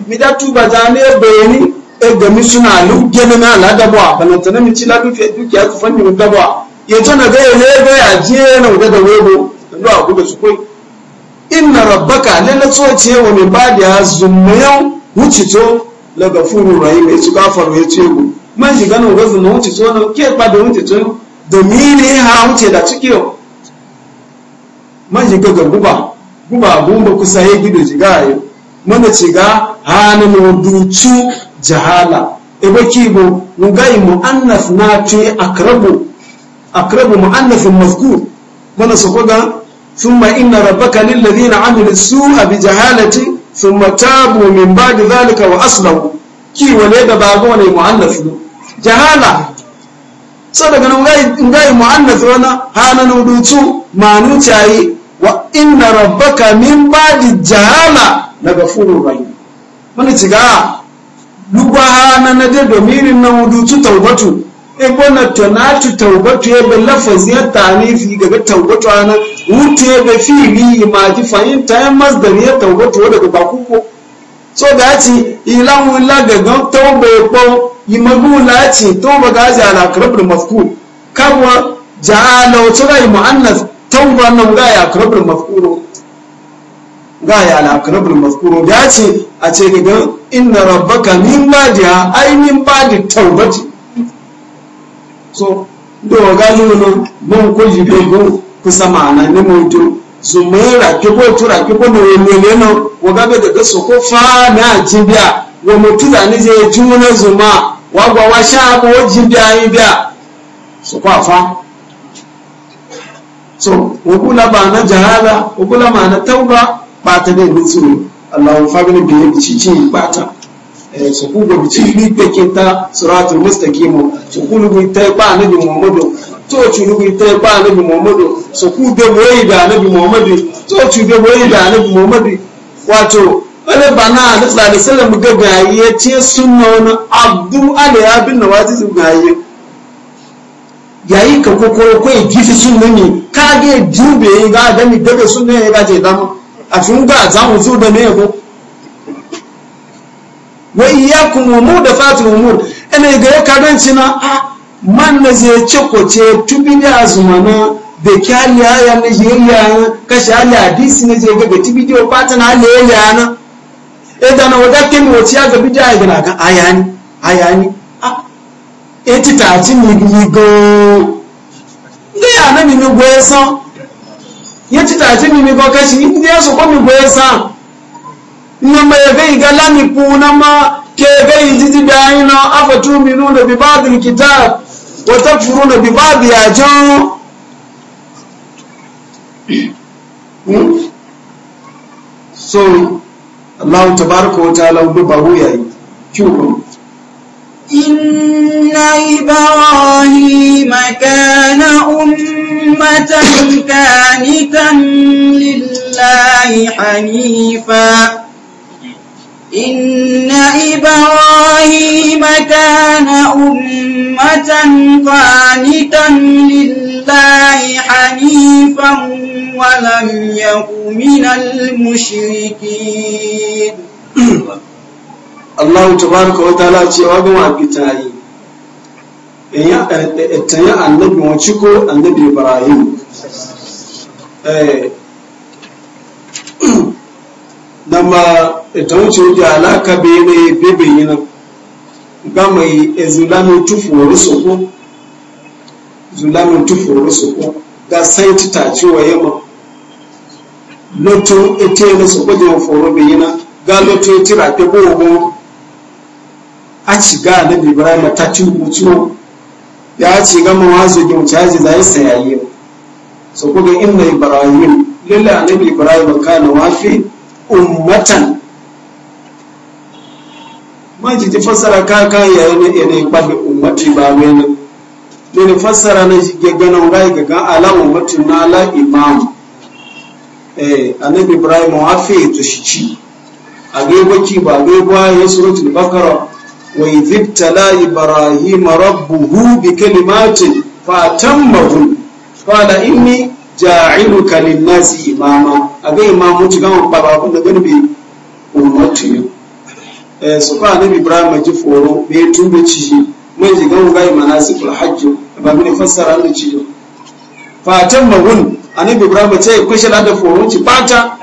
mi da tu ba jani e bayani e ga mi suna lu ge na ala dabo a bana tana mi ci la du fe du ki aku fanni dabo ya to na ga ele ga ya je na uda da webo ndo a ku da su koi inna rabbaka lalla tsoce wa min ba da zummayan wucito la gafuru rahim ká ci etí ya ce ku gánà shiga na oúnjẹ na ke kpa da wuce tsono domin ní ha wuce da ciki yau man shiga guba guba kusa ya gido shiga a yau mana ciga hannun waducu jahala ebe kibo mugayi mu'annas na ce akrabu akrabu mu'annasin mazkur mana su kuga ثم na ربك للذين عملوا jahala بجهالة thumma tabu min ba'di dhalika wa aslahu ki wale da bago wale muannas jahala so daga nan ngai ngai muannas wana hana nudutu manu chai wa inna rabbaka min ba'di jahala na gafurur rahim mun ciga lugwa hana na da domirin na nudutu taubatu ibona e tonatu taubatu ebe lafazi ya tanifi daga taubatu ana wuta ebe fili imaji fahimta ya masdari ya taubatu wadda daga kuko so da ci ilahun lagagan taube ko imagu lati tauba gaji ala karbar mafku kabwa ja'ala wato ga mu'annas tauba nan ga ya karbar mafkuro ga ya ala karbar mafkuro da ci a ce gagan inna rabbaka min ba'diha ay min ba'di taubati so ndo galu no mo ko jibe go kusamana ne mo to zumera kiko tura kiko no wenene no wagabe daga ko fa na jibia wa mutuza ni je juna zuma wagwa washa bo jibia ibia so ko fa so wakula ba na jahala wakula ma na tauba ba ta da mutu Allah fa bi ne bi ci ci ba ta Eh, su ku gobi cikin take ta suratul mustaqimu su ku lugu ta ba nabi muhammadu to ci lugu ta ba nabi muhammadu su ku da boye da nabi muhammadu to ci da boye da nabi muhammadu wato wani bana da tsari sallam ga gaye ce sunna wani abdu aliya bin nawazi yi yayi ka kokoro kai gifi sunna ne ka ga jube ga da mi daga sunna ya ga ce dama a tun ga za mu zo da ne ko wa iyyakum wa mudafatil umur ene ga kadanci na a man na zai ce ko ce tubini azumana da kyali ya na jeriya kashi hali hadisi na zai ga tibidi wa fatan hali ya na ita e na wata kemi wace ya gabi jaya gina ga ayani ayani a eti ta ci mi ni go ne ya na mi mi go san ya ti ta ci mi mi go kashi ni ya so ko mi go san bai ga lami puna ma ke na afa tuminu da bi babu kitab wa takfuru da so Allah tabaraka wa ta'ala ba إن إبراهيم كان أمة كانتا لله إن إبراهيم كان أمة قانتا لله حنيفا ولم يك من المشركين Allah tabaraka wa ta'ala cewa ga wakitayi in ya tanya annabi wa ciko annabi Ibrahim ita wuce da alaka bai ne bebe yi nan ga mai ezulano tufuwar soko zulano tufuwar soko ga sai ta ci wa yamma lotu ita e nasu kwaje wa foro bai yi nan ga lotu ya e tira ta gogo a ci ga na ibrahim ta ci mutuwa ya ci ga mawazo da wuce haji za yi sayayi soko kuma inna ibrahim lalla annabi ibrahim kana wafi ummatan maji ji fassara ka ka yayin yana kwabe ummati ba wani ne fassara na shi gaggana ga ga ala ummati na la imam eh annabi ibrahim wa fi to shi ci a gaba ki ba gaba ya suratul bakara wa idhtala ibrahim rabbuhu bi kalimatin Fa qala inni ja'iluka lin-nasi imama ga imamu ci ba ba ku da gani bi ummati Eh, su kwa annabi ibrahim ji foro me tuba ci mun ji gawo gai manasikul hajji ba mun fassara da ci fatan mahun annabi ibrahim ce kushe da foro ci fata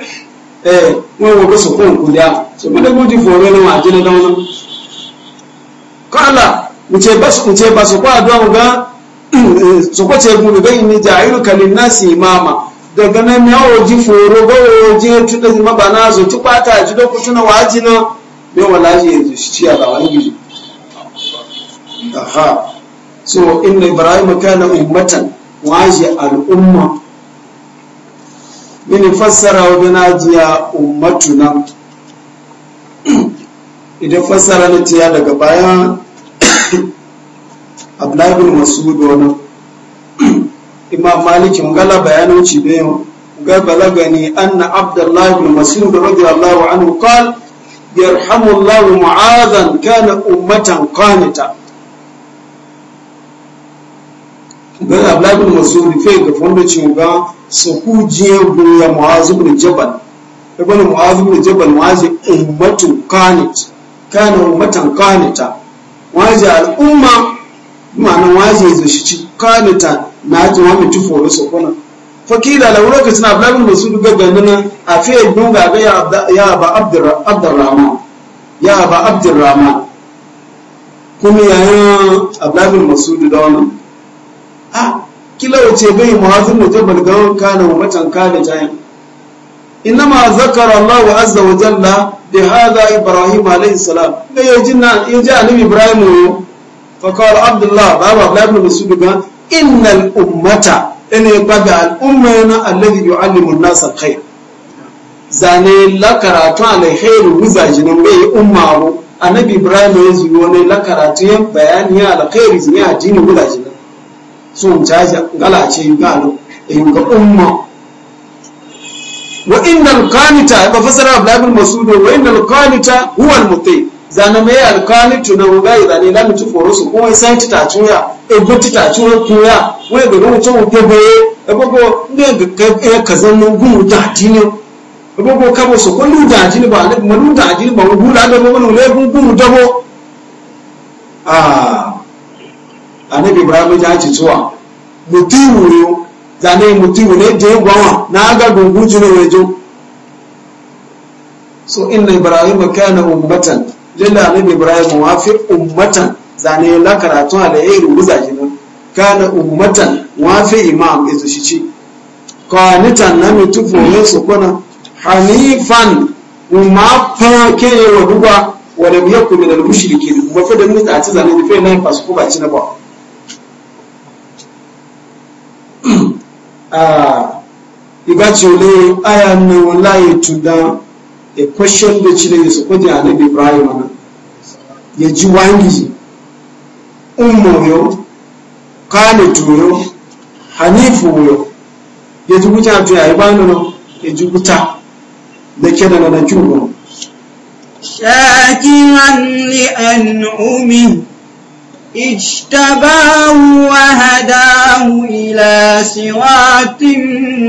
eh mun wo su kun kuda so mun da guji foro ne ma jina da wannan kala mu ce bas mu ce bas kwa addu'a ga su kwace gudu gai ni jahilu kalin nasi imama daga nan ya oji foro ga oji tuda mabana zo tubata ji da kutuna wajina bai wala ya yanzu shi ciya ba wani gizo aha so inna ibrahim kana ummatan waje al'umma mini fassara wa bina jiya ummatuna idan fassara na tiya daga baya abdullahi masud wani imam maliki mun gala bayanin ci bayan ga balagani anna abdullahi bin masud radiyallahu anhu qala yarhamullahu mu'adhan kana ummatan qanita dan abdullahi bin mas'ud fe ga fondo cinga su ku jiye ya mu'az bin jabal e ibn mu'az ummatan qanita waje al'umma ma'ana waje zai shi qanita na ji wa mutu foro sokona fakila lau lokacin abdullahi masu ga gandun a fiye dunga ga ya ba abdurrahman ya ba abdurrahman kuma yayin abdullahi masu da wani a kila wace bai muhazin da jabal gawon kana wa matan kada jayin ma zakara allah azza wa jalla da hada ibrahim alayhi salam ga yajin yaji annabi ibrahim fa qala abdullah baba abdullahi masu ga innal ummata ene bada al'umma yana alladhi yu'allimu an-nasa al-khair zane la karatu ala khair wuzajinin bai umma ru annabi ibrahim ya zuwa ne la karatu ya bayani ya al-khair zuwa addini wuzajinin so jaja galace galo in ga umma wa innal qanita ba fasara abdul masud wa innal qanita huwa al-muti zana mai alkali tuna ruga idane da mutu foro su kuma sai ti ta tuya e go ti ta tuya kuya we go mu to ke be e go ne ga ka ka zan mu gun da dini e go go ka bo so ko da dini ba ne mu da dini ba mu la da mu ne gun gun da bo ah anabi ibrahim ja ci tuwa mutiwu yo zane mutiwu ne je gwawa na ga gungun jino wejo so inna ibrahim kana ummatan lalla annabi ibrahim wa fi ummatan zane la karatu da yayi ruza jinan kana ummatan wa fi imam izo shi ci qanitan na mitufu ne su kuna hanifan umma fa ke wa duba wa lam yakun min al mushrikin kuma fa da mun ta ci zane fa nan fa ko ba ci na ba ah ibati ole aya ni wallahi tudan e question da cire su kwaje annabi ibrahim nan ya ji wangi ummu yo kane yo hanifu yo ya ji kuta to ya ibanu no ya ji kuta da kenan na na kyugo shakiran li an'umi اجتباه وهداه إلى صراط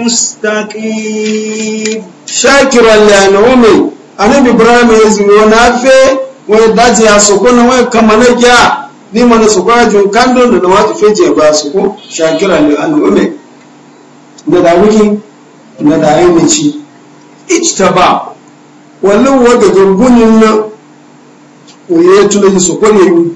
مستقيم شاكرا لأنعمه annabi ibrahim ya zuwa na fe wani daji ya soko wani kamana gya ni mana kando da na wata feje ba su ko shakira ne al'umme da da wiki na da ainihi ijtaba na oye tuna ji ne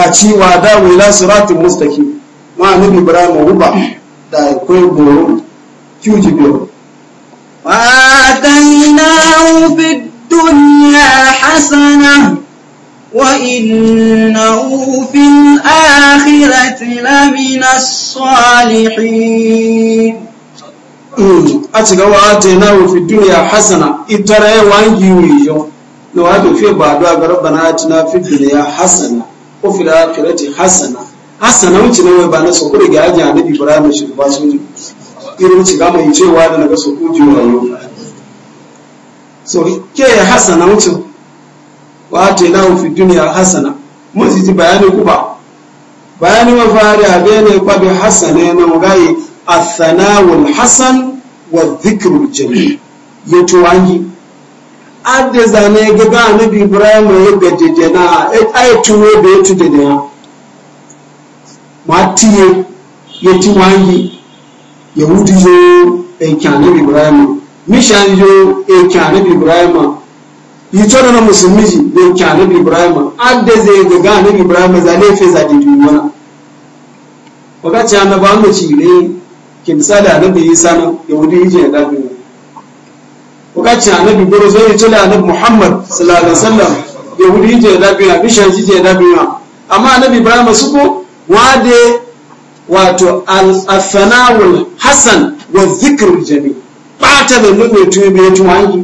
faci wa dawo ila siratin mustaki ma nabi ibrahim ruba da kai boro kyuji biyo wa atainahu fid dunya hasana wa innahu fil akhirati lamina salihin hmm, a cikin wa atainahu fid duniya hasana itare wa yiwi yo lo wa to fi ba do agaro bana na fi duniya hasana ko fil akhirati hasana hasana wuce ne ba na sokore ga ajin annabi ibrahim shi ba su irin ci ga mai cewa da daga sokoji wayo so ke hasana wuce wa ta lahu fi duniya hasana mun ji bayani ku ba bayani mafari a bene kwabi hasana na mugayi athanawul hasan wa dhikrul jamil yato wangi adda zane ga ga annabi ibrahim ya gajeje na e- ai tuwe be tu da da matiye ya ti wangi ya wuti yo e kyanu ibrahim mishan yo e kyanu ibrahim yi tsoro na musulmi ji ne kyanu bi adda zai ga ga annabi ibrahim zane fe za di duniya wakati annabawan da ci ne ke misali annabi isa na yahudi yake da dabi kacin annabi goro zai ya tula annabi muhammad sallallahu alaihi wasallam yahudi je da biya bishan je da biya amma annabi ibrahim su ko wade wato al sanawul hasan wa dhikrul jami ta da nuna tube tuwangi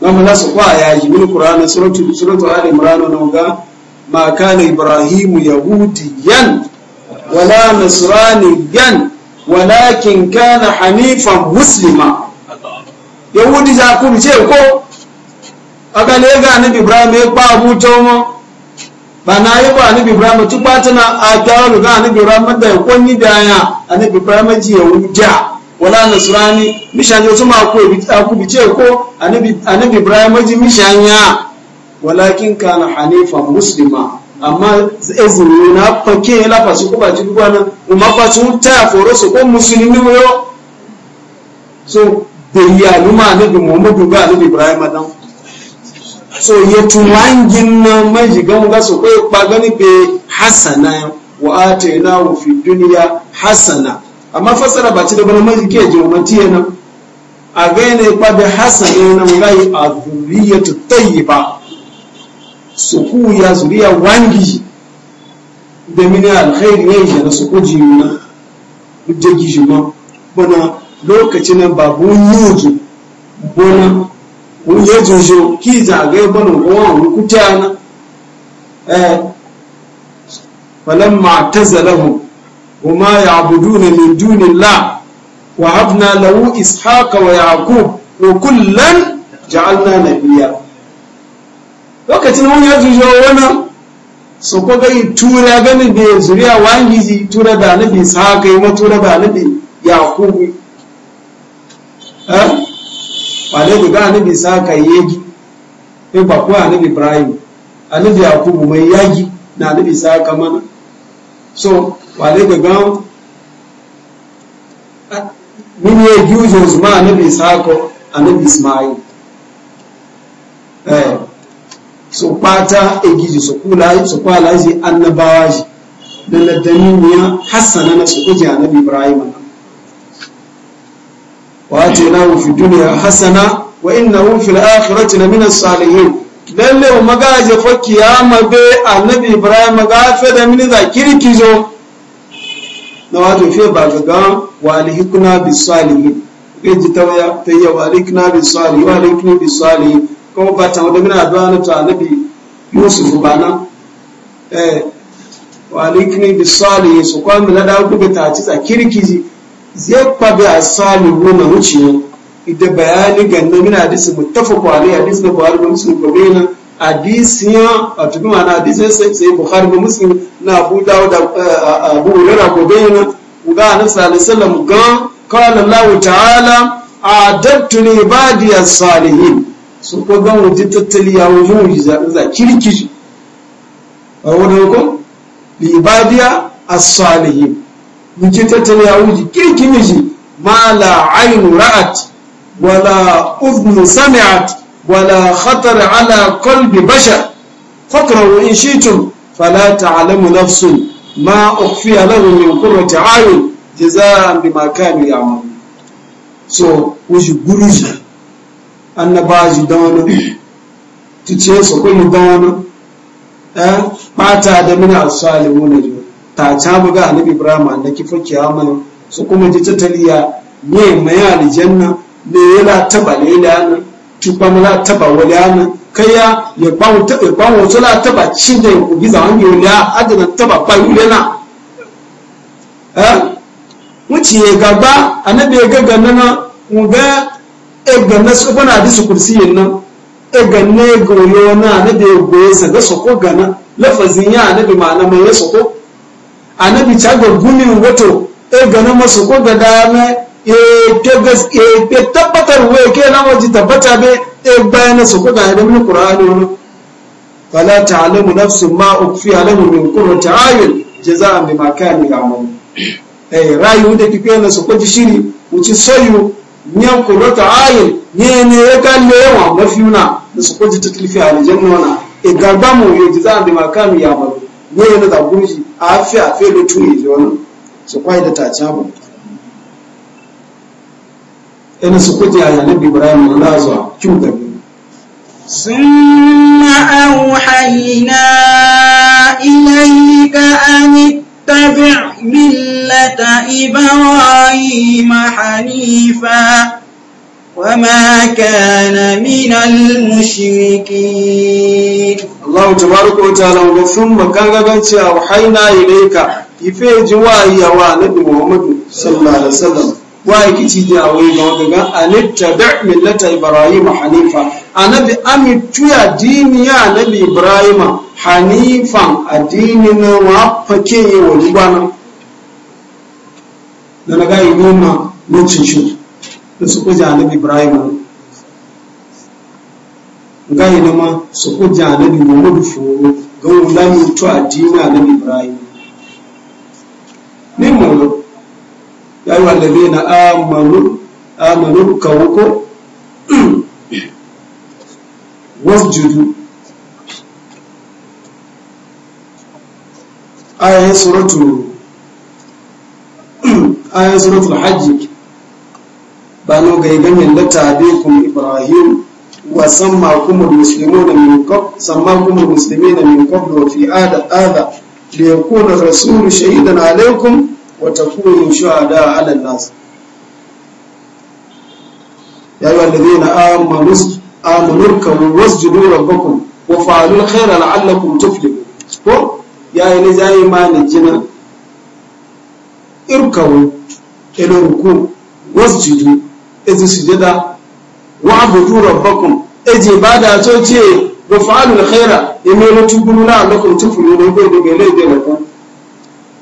namu su kwa yaji min qur'ani suratul suratul ali imran na ga ma kana ibrahimu yahudiyan wala yan walakin kana hanifan muslima yahudi za ku ce ko a gane ga annabi ibrahim ya ba hutu mu ba na yi ba annabi ibrahim tu ba tana a gawo ga annabi ibrahim da ya kunni da ya annabi ibrahim ji yahudiya wala nasrani mishan yo tuma ko bi ta ku bi ce ko annabi annabi ibrahim ji mishan ya walakin kana hanifa muslima amma ezini na fake la fasu ko ba ji gwana umma fasu ta foro so ko muslimi yo so bẹ̀yẹ na da muhammadu ga ibrahim adam so yetu na maji gan ga so kai eh, gani be hasana wa atayna wa fi dunya hasana amma fasara ba ci da bana maji ke yana a ga ne pa be hasana na ngai azuriyatu tayyiba su ku ya zuriya wangi da mini alkhairi ne ya na so ku ji na ku je ma bana lokacin nan ba bu yuji bona bu ya jojo ki za ga ba no wa mu na eh falamma tazalahu huma ya'buduna min dunillah wa habna lahu ishaqa wa yaqub wa kullan ja'alna nabiyya lokacin mun ya jojo wannan su ko ga tura ganin da zuriya wangiji tura da nabi ishaqa yi tura da nabi yaqub eh wale daga annabi isaka yegi in ba kuwa annabi ibrahim annabi yakubu mai yagi na annabi isaka mana so wale daga min ya juzo zuma annabi isaka annabi ismail eh so fata egiji su kula su kwala shi annabawa shi da ladani ne hassana na su kuje annabi ibrahim duniya واتيناه في الدنيا حسنة وإنه في الآخرة لمن الصالحين lalle wa magaje fa kiyama be annabi ibrahim ga fe da mini za kirkizo na wato fe ba ga wa alhikna bis salihin ke ji ta waya ta ya wa alhikna bis salihin wa alhikna bis salihin ko ba ta wanda mina addu'a na ta annabi yusuf bana eh wa alhikni bis salihin su kwa mina da ku ta ci za kirkizi zai kwabe a salihu na wuce ida bayani ga nan mina hadisi muttafaqu kwale hadisi na buhari da muslim ko bayna hadisi ya a tubi mana na sai sai buhari da muslim na abu dawud eh, abu hurairah ko bayna uga annabi sallallahu alaihi wasallam ga qala allah ta'ala adattu li ibadi as-salihin su ko ga wuji tattali ya wuji wuji za kirkiri. a wani ko li ibadi as-salihin muke tattalin ya wuji kirkini shi ma la ainu ra'at wala udhnu sami'at wala khatar ala qalbi bashar fakrahu in shi'tum fala ta'lamu nafsun ma ukhfiya lahum min qurrati a'yun jazaa'an bima kanu ya'malun so wuji guruji annabaji dawono tuce su kullu dawono eh mata da mina salihuna ta cabu ga annabi ibrahim na kifa kiyaman su kuma ji ta taliya ne mai aljanna ne ya yana taba lelana tuba mala taba walana kai ya bawo taba su sala taba cin da ku giza wangi wala adana taba bayu lena na wuce ya gaba annabi ya gaga nana mu ga su kuna nasu su kursi yin nan e ga goyo na annabi ya goye sa ga soko gana lafazin ya annabi ma'ana mai ya soko anabi caga gumin wato e gana masu ko da dame e ke tabbatar wai ke na waje tabbata be e bayan su ko da da mun qur'ani wono fala ta'lamu nafsun ma ukfiya lahum min qurrati ayun jazaan bima kanu ya'malu eh rayu da kike na su ko ji shiri wuci soyu nyan qurrati ayun ne ne ya kalle wa mafiuna da su ko ji tatlifi aljanna na, e garbamu yajzaan bima kanu ya'malu goyi na zagunji a hafi a da tuni da wani su kwai da ta cabu ina su kuje a yanar da ibrahim na razuwa kyau da biyu suna auhaina ilayka an tabi millata ibrahim hanifa وما كان من المشركين الله تبارك وتعالى ثم كان غنتي اوحينا اليك ife ji wayi wa nabi muhammadu sallallahu alaihi wasallam wayi kici a wai ga wanda alitta da millata ibrahim hanifa anabi amitu ya dini ya nabi ibrahim hanifan addini na wa fake yi wa dubana na daga goma mutum shi su kuja annabi ibrahim ngai na ma su kuja annabi muhammad foro gan wula mu to addini annabi ibrahim ne mu ya yi wallabe na amanu amanu wasjudu ayan hajji bano ga ga millata abikum ibrahim wa sammakum almuslimuna min qabl sammakum almuslimina min qabl wa fi ada ada liyakuna rasulu shahidan alaykum wa takunu shuhada ala nas ya ayyuhal ladhina amanu amanu rkabu wasjudu rabbakum wa fa'alu alkhayra la'allakum tuflihun ko ya yi irkawu ruku wasjudu ezu sujada wa abudu rabbakum eji ibada to ce wa fa'alu alkhaira yemi lo tubulu na lakum tufulu ne be de gele de lakum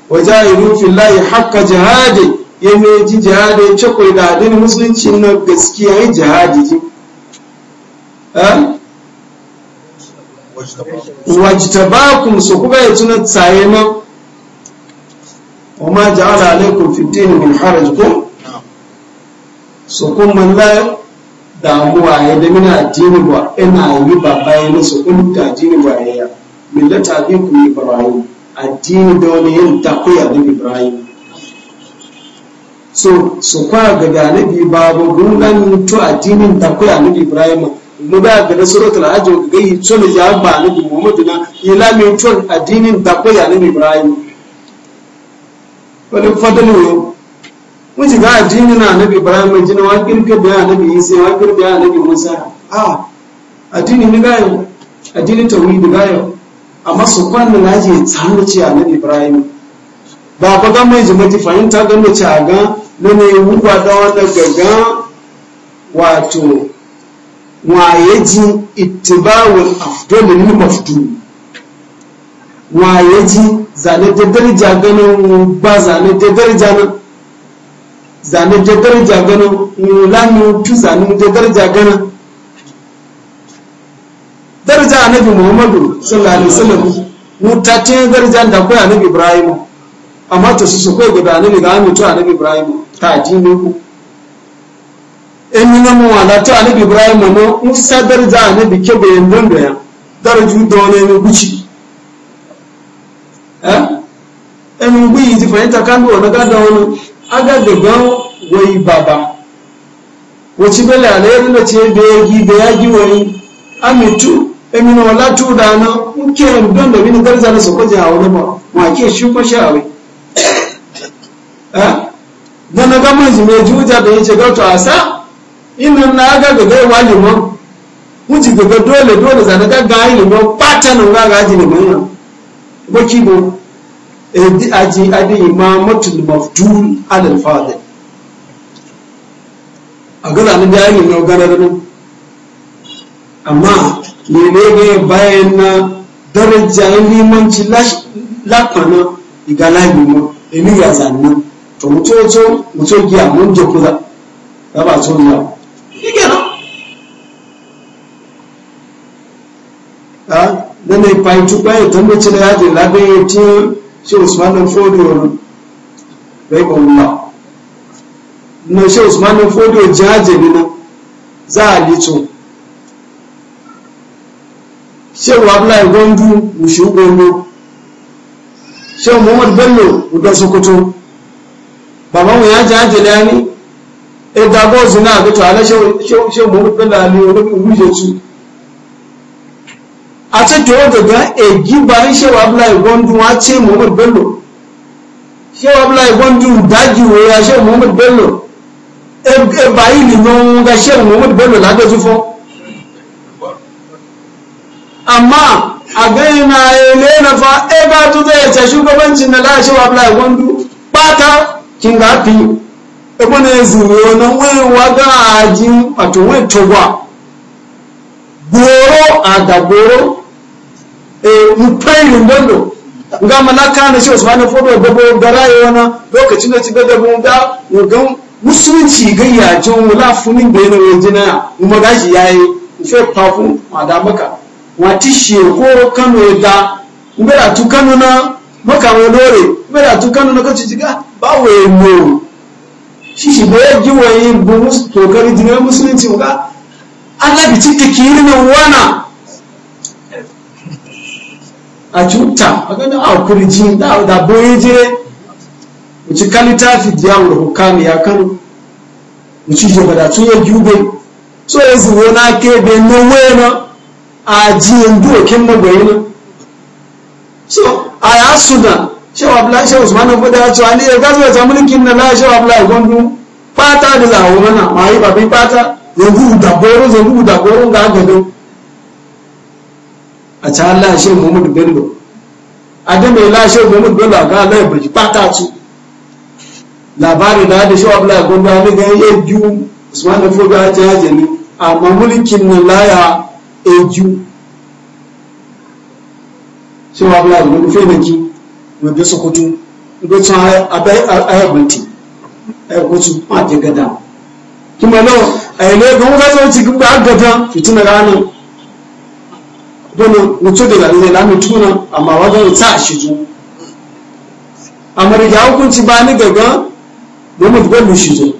wa jahidu fillahi haqqa jihadi yemi ji jihadi ce da addinin musulunci na gaskiya yi jihadi ji eh wajtabakum su kuga ya e tuna tsaye na wa ma ja'ala alaikum fid min haraj ko su kuma la damuwa ya da mina addini ba ina yi ba bayan su kun yi addini ba ya millata abikum ibrahim addini da wani yin takuya da ibrahim so su kwa ga ba ba gungan to addinin takuya da ibrahim mu ga ga da suratul ajwa ga yi to ne ya ba ni muhammadu na ila mi a addinin takuya da ibrahim wani fadalo wuce ga addini na annabi ibrahim mai jina wakil kirkir da annabi isa wakil kirkir da annabi musa a addini ni gayo addini tauhidi gayo amma su kwanna na je tsanu ce annabi ibrahim ba ba ga mai jima ti fahimta ga mai ci aga na ne wuwa da wannan gaga wato wayeji ittibawul afdal lil mafdun wayeji zalal da darja ganin ba zalal da darja nan zane je daraja gana lami tu zane je daraja gana daraja annabi muhammadu sallallahu alaihi wasallam ce daraja da kai annabi ibrahim amma to su su kai guda annabi ga annabi to annabi ibrahim ta ji ne ku in nan mu wala to annabi ibrahim mu musa daraja annabi ke bayan nan da daraju dole ne guci eh en gbi ti fayinta kan do na ga da wani aga wai baba wace bela alayyar da ce da da ya gi ya gi wani amitu emina wala tu da na nke don da mini garza na su kwaje a wani ba ma ke shi ko sha wai da eh? na gama ji mai juja da ya ce ga a sa ina na ga ga ga wali mo muji ga dole dole zanaga ga ga yi mo pata na ga ga ji ne mo ba ki adi aji adi imamatul mafdul alal fadil a gaza na jari na garar nan amma ne ne bayan na daraja yin limanci lakwana igala yiwu emi ya zannan to mutoto muto giya mun je kuza da ba to ya ike na ha na ne fahimci bayan tambaci da yadda labe ya tiyo ṣe usman fodo rahimahullah na ṣe usman fodo jajiri na za a lito ṣe abdullahi gondu mushi gondo ṣe muhammad bello udan sokoto bàbá wọn yà jajiri ya ni ẹgbàgbọ́ ọ̀sùn náà àgbẹ̀tọ̀ alẹ́ ṣe muhammad bello alẹ́ olóògbé olóògbé a ta tawo daga egi bayan shewa abdullahi gwandu wa ce muhammad bello shewa abdullahi gwandu daji wo ya shewa muhammad bello e bayi ni non ga shewa muhammad bello la zufo amma a gani na ele na fa e ba tu zai ta shugabancin na la shewa abdullahi gwandu bata kin ga fi e bona zuwo na wewa ga ajin wato wai togwa goro a da goro Eh, mufailin dondo ga malaka na shi usmanu fodo dabo da rayuwa lokacin da ci da dabo da ugan musulunci ga yajin wala funin da yana wajina kuma gashi yayi fe pafu da maka wati shi ko kano da ngara tu kano na maka wa lore ngara tu kano na kaci jiga ba we mo shi shi bai ji wayi bu mus to kari dinar musulunci ga Allah bi cikin kirin wana achuta akana a kurji da da boyeje uci kalita fi diyawu hukami ya kanu uci joga da tuye jube so yanzu wona kebe no wena a jiyan duwa kin na so a ya suna shawa abla shawa usman na gudu ya ce ali ya gaza ta mulkin na la shawa abla gondu fata da zawo mana ma yi babin fata yanzu da goro yanzu da goro ga gado a ci an lashe muhammadu bello a da mai lashe muhammadu bello a ga layar burki fata su labari na da shawar la gwamna ne ga yin biyu usman da fobi a ta yaje ne amma mulkin nan laya a biyu shawar la gwamna e fe na ki mai bi sokoto gocin ayabinti ayabutu ma ke gada kuma lau a yi ne ga wuka zo cikin ba gada fitina ranar don mutu da zane na mutuna amma wajen ta shi zu amma hukunci ba ni gaga muhammad gwamnu shi zo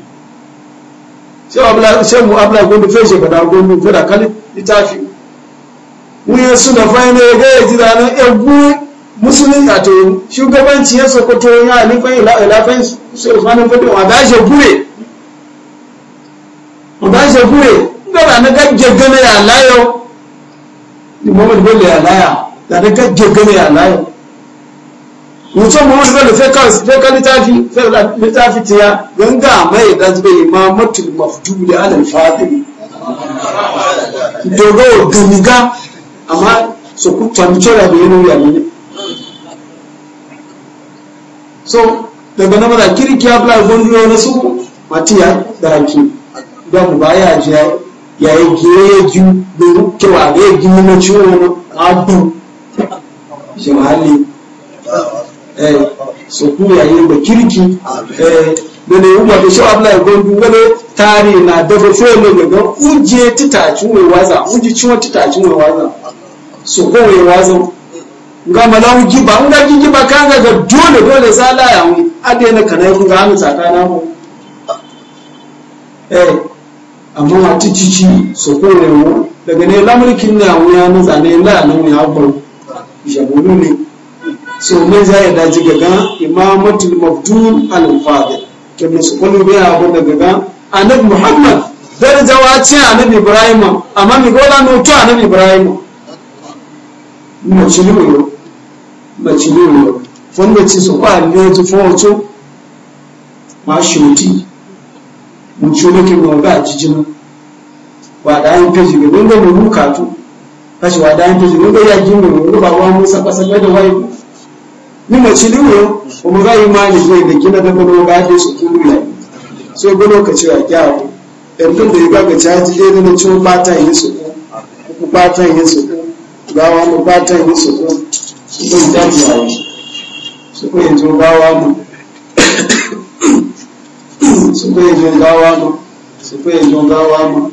sai mu abla gwamnu feshe ba da gwamnu ko da kalin littafi yi su da fahimta ya gaya ji zanen egwu musulun a to shugabanci ya sokoto ya alifan ilafan su usmanin fadi wa da shi gure wa da shi na gaggaga ya layo muhammadu bello ya laya da na gajje gane ya laya mutum muhammadu bello fai ka littafi littafi ta ya ganga mai da zube imamatul maftuli alal fadili dogo ganiga amma su ku tamcira da yanu ya ne so daga na mara kirki ya fly gondulo na su matiya da haki don ba baya jiya yayi gejju do rutto wa gejju no ciwo no abu shi mahalli eh so ku yayi ba kirki eh ne ne umma ke shi abla go du ne tari na dafa fa fo no go uje tita ciwo waza uje ciwo tita ciwo waza so go waza nga mala uji ba nga jiji ba kanga ga dole dole sala a mu ade na kanai ku hannu mu tsaka na mu amma wata cici su kone mu daga ne lamurkin na wuya na zane la na mu ya kwau jabulu ne so mai zai da ji gaga imamatul maftul al fadil kin su kullu biya abu daga ga annabi muhammad darajawa ce annabi ibrahim amma mi gola no to annabi ibrahim mu ci ne yo ba ci ne yo fonda ci su kwa ne to fo to ma shuti mutu lókè wọn ọgá àjíjìnà wàdá ń pèjì rẹ̀ wọ́n gbẹ̀mọ̀ mú kàtó láti wàdá ń pèjì wọ́n gbẹ̀yà jí wọn ló bá wá mú sápásápá ẹ̀dọ̀ wáyé kú nímọ̀ tí níwò ọmọ báyìí máa lè gbé ìdè gínà dandan wọn bá dé sókè rẹ̀ tí ó gbọ́dọ̀ kàtí wà gí àwọn ẹ̀dùn lè gbà kàtí á ti dé nínú tí wọ́n bá tà yín sòkó kókó bá tà yín sòkó gbà wọn bá tà yín sòkó sókè ìdájì àwọn sókè ìjọba wa sukwe jongawa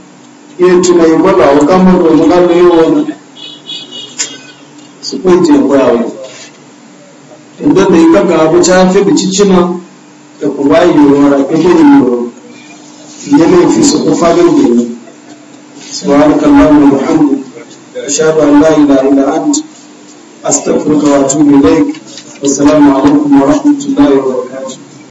da ika ga abu ta da kuma yiwuwa rafi gini yiwuwa yanayi fi su kufa gini سبحانك اللهم وبحمدك أشهد أن لا إله إلا أنت أستغفرك وأتوب إليك والسلام عليكم ورحمة الله وبركاته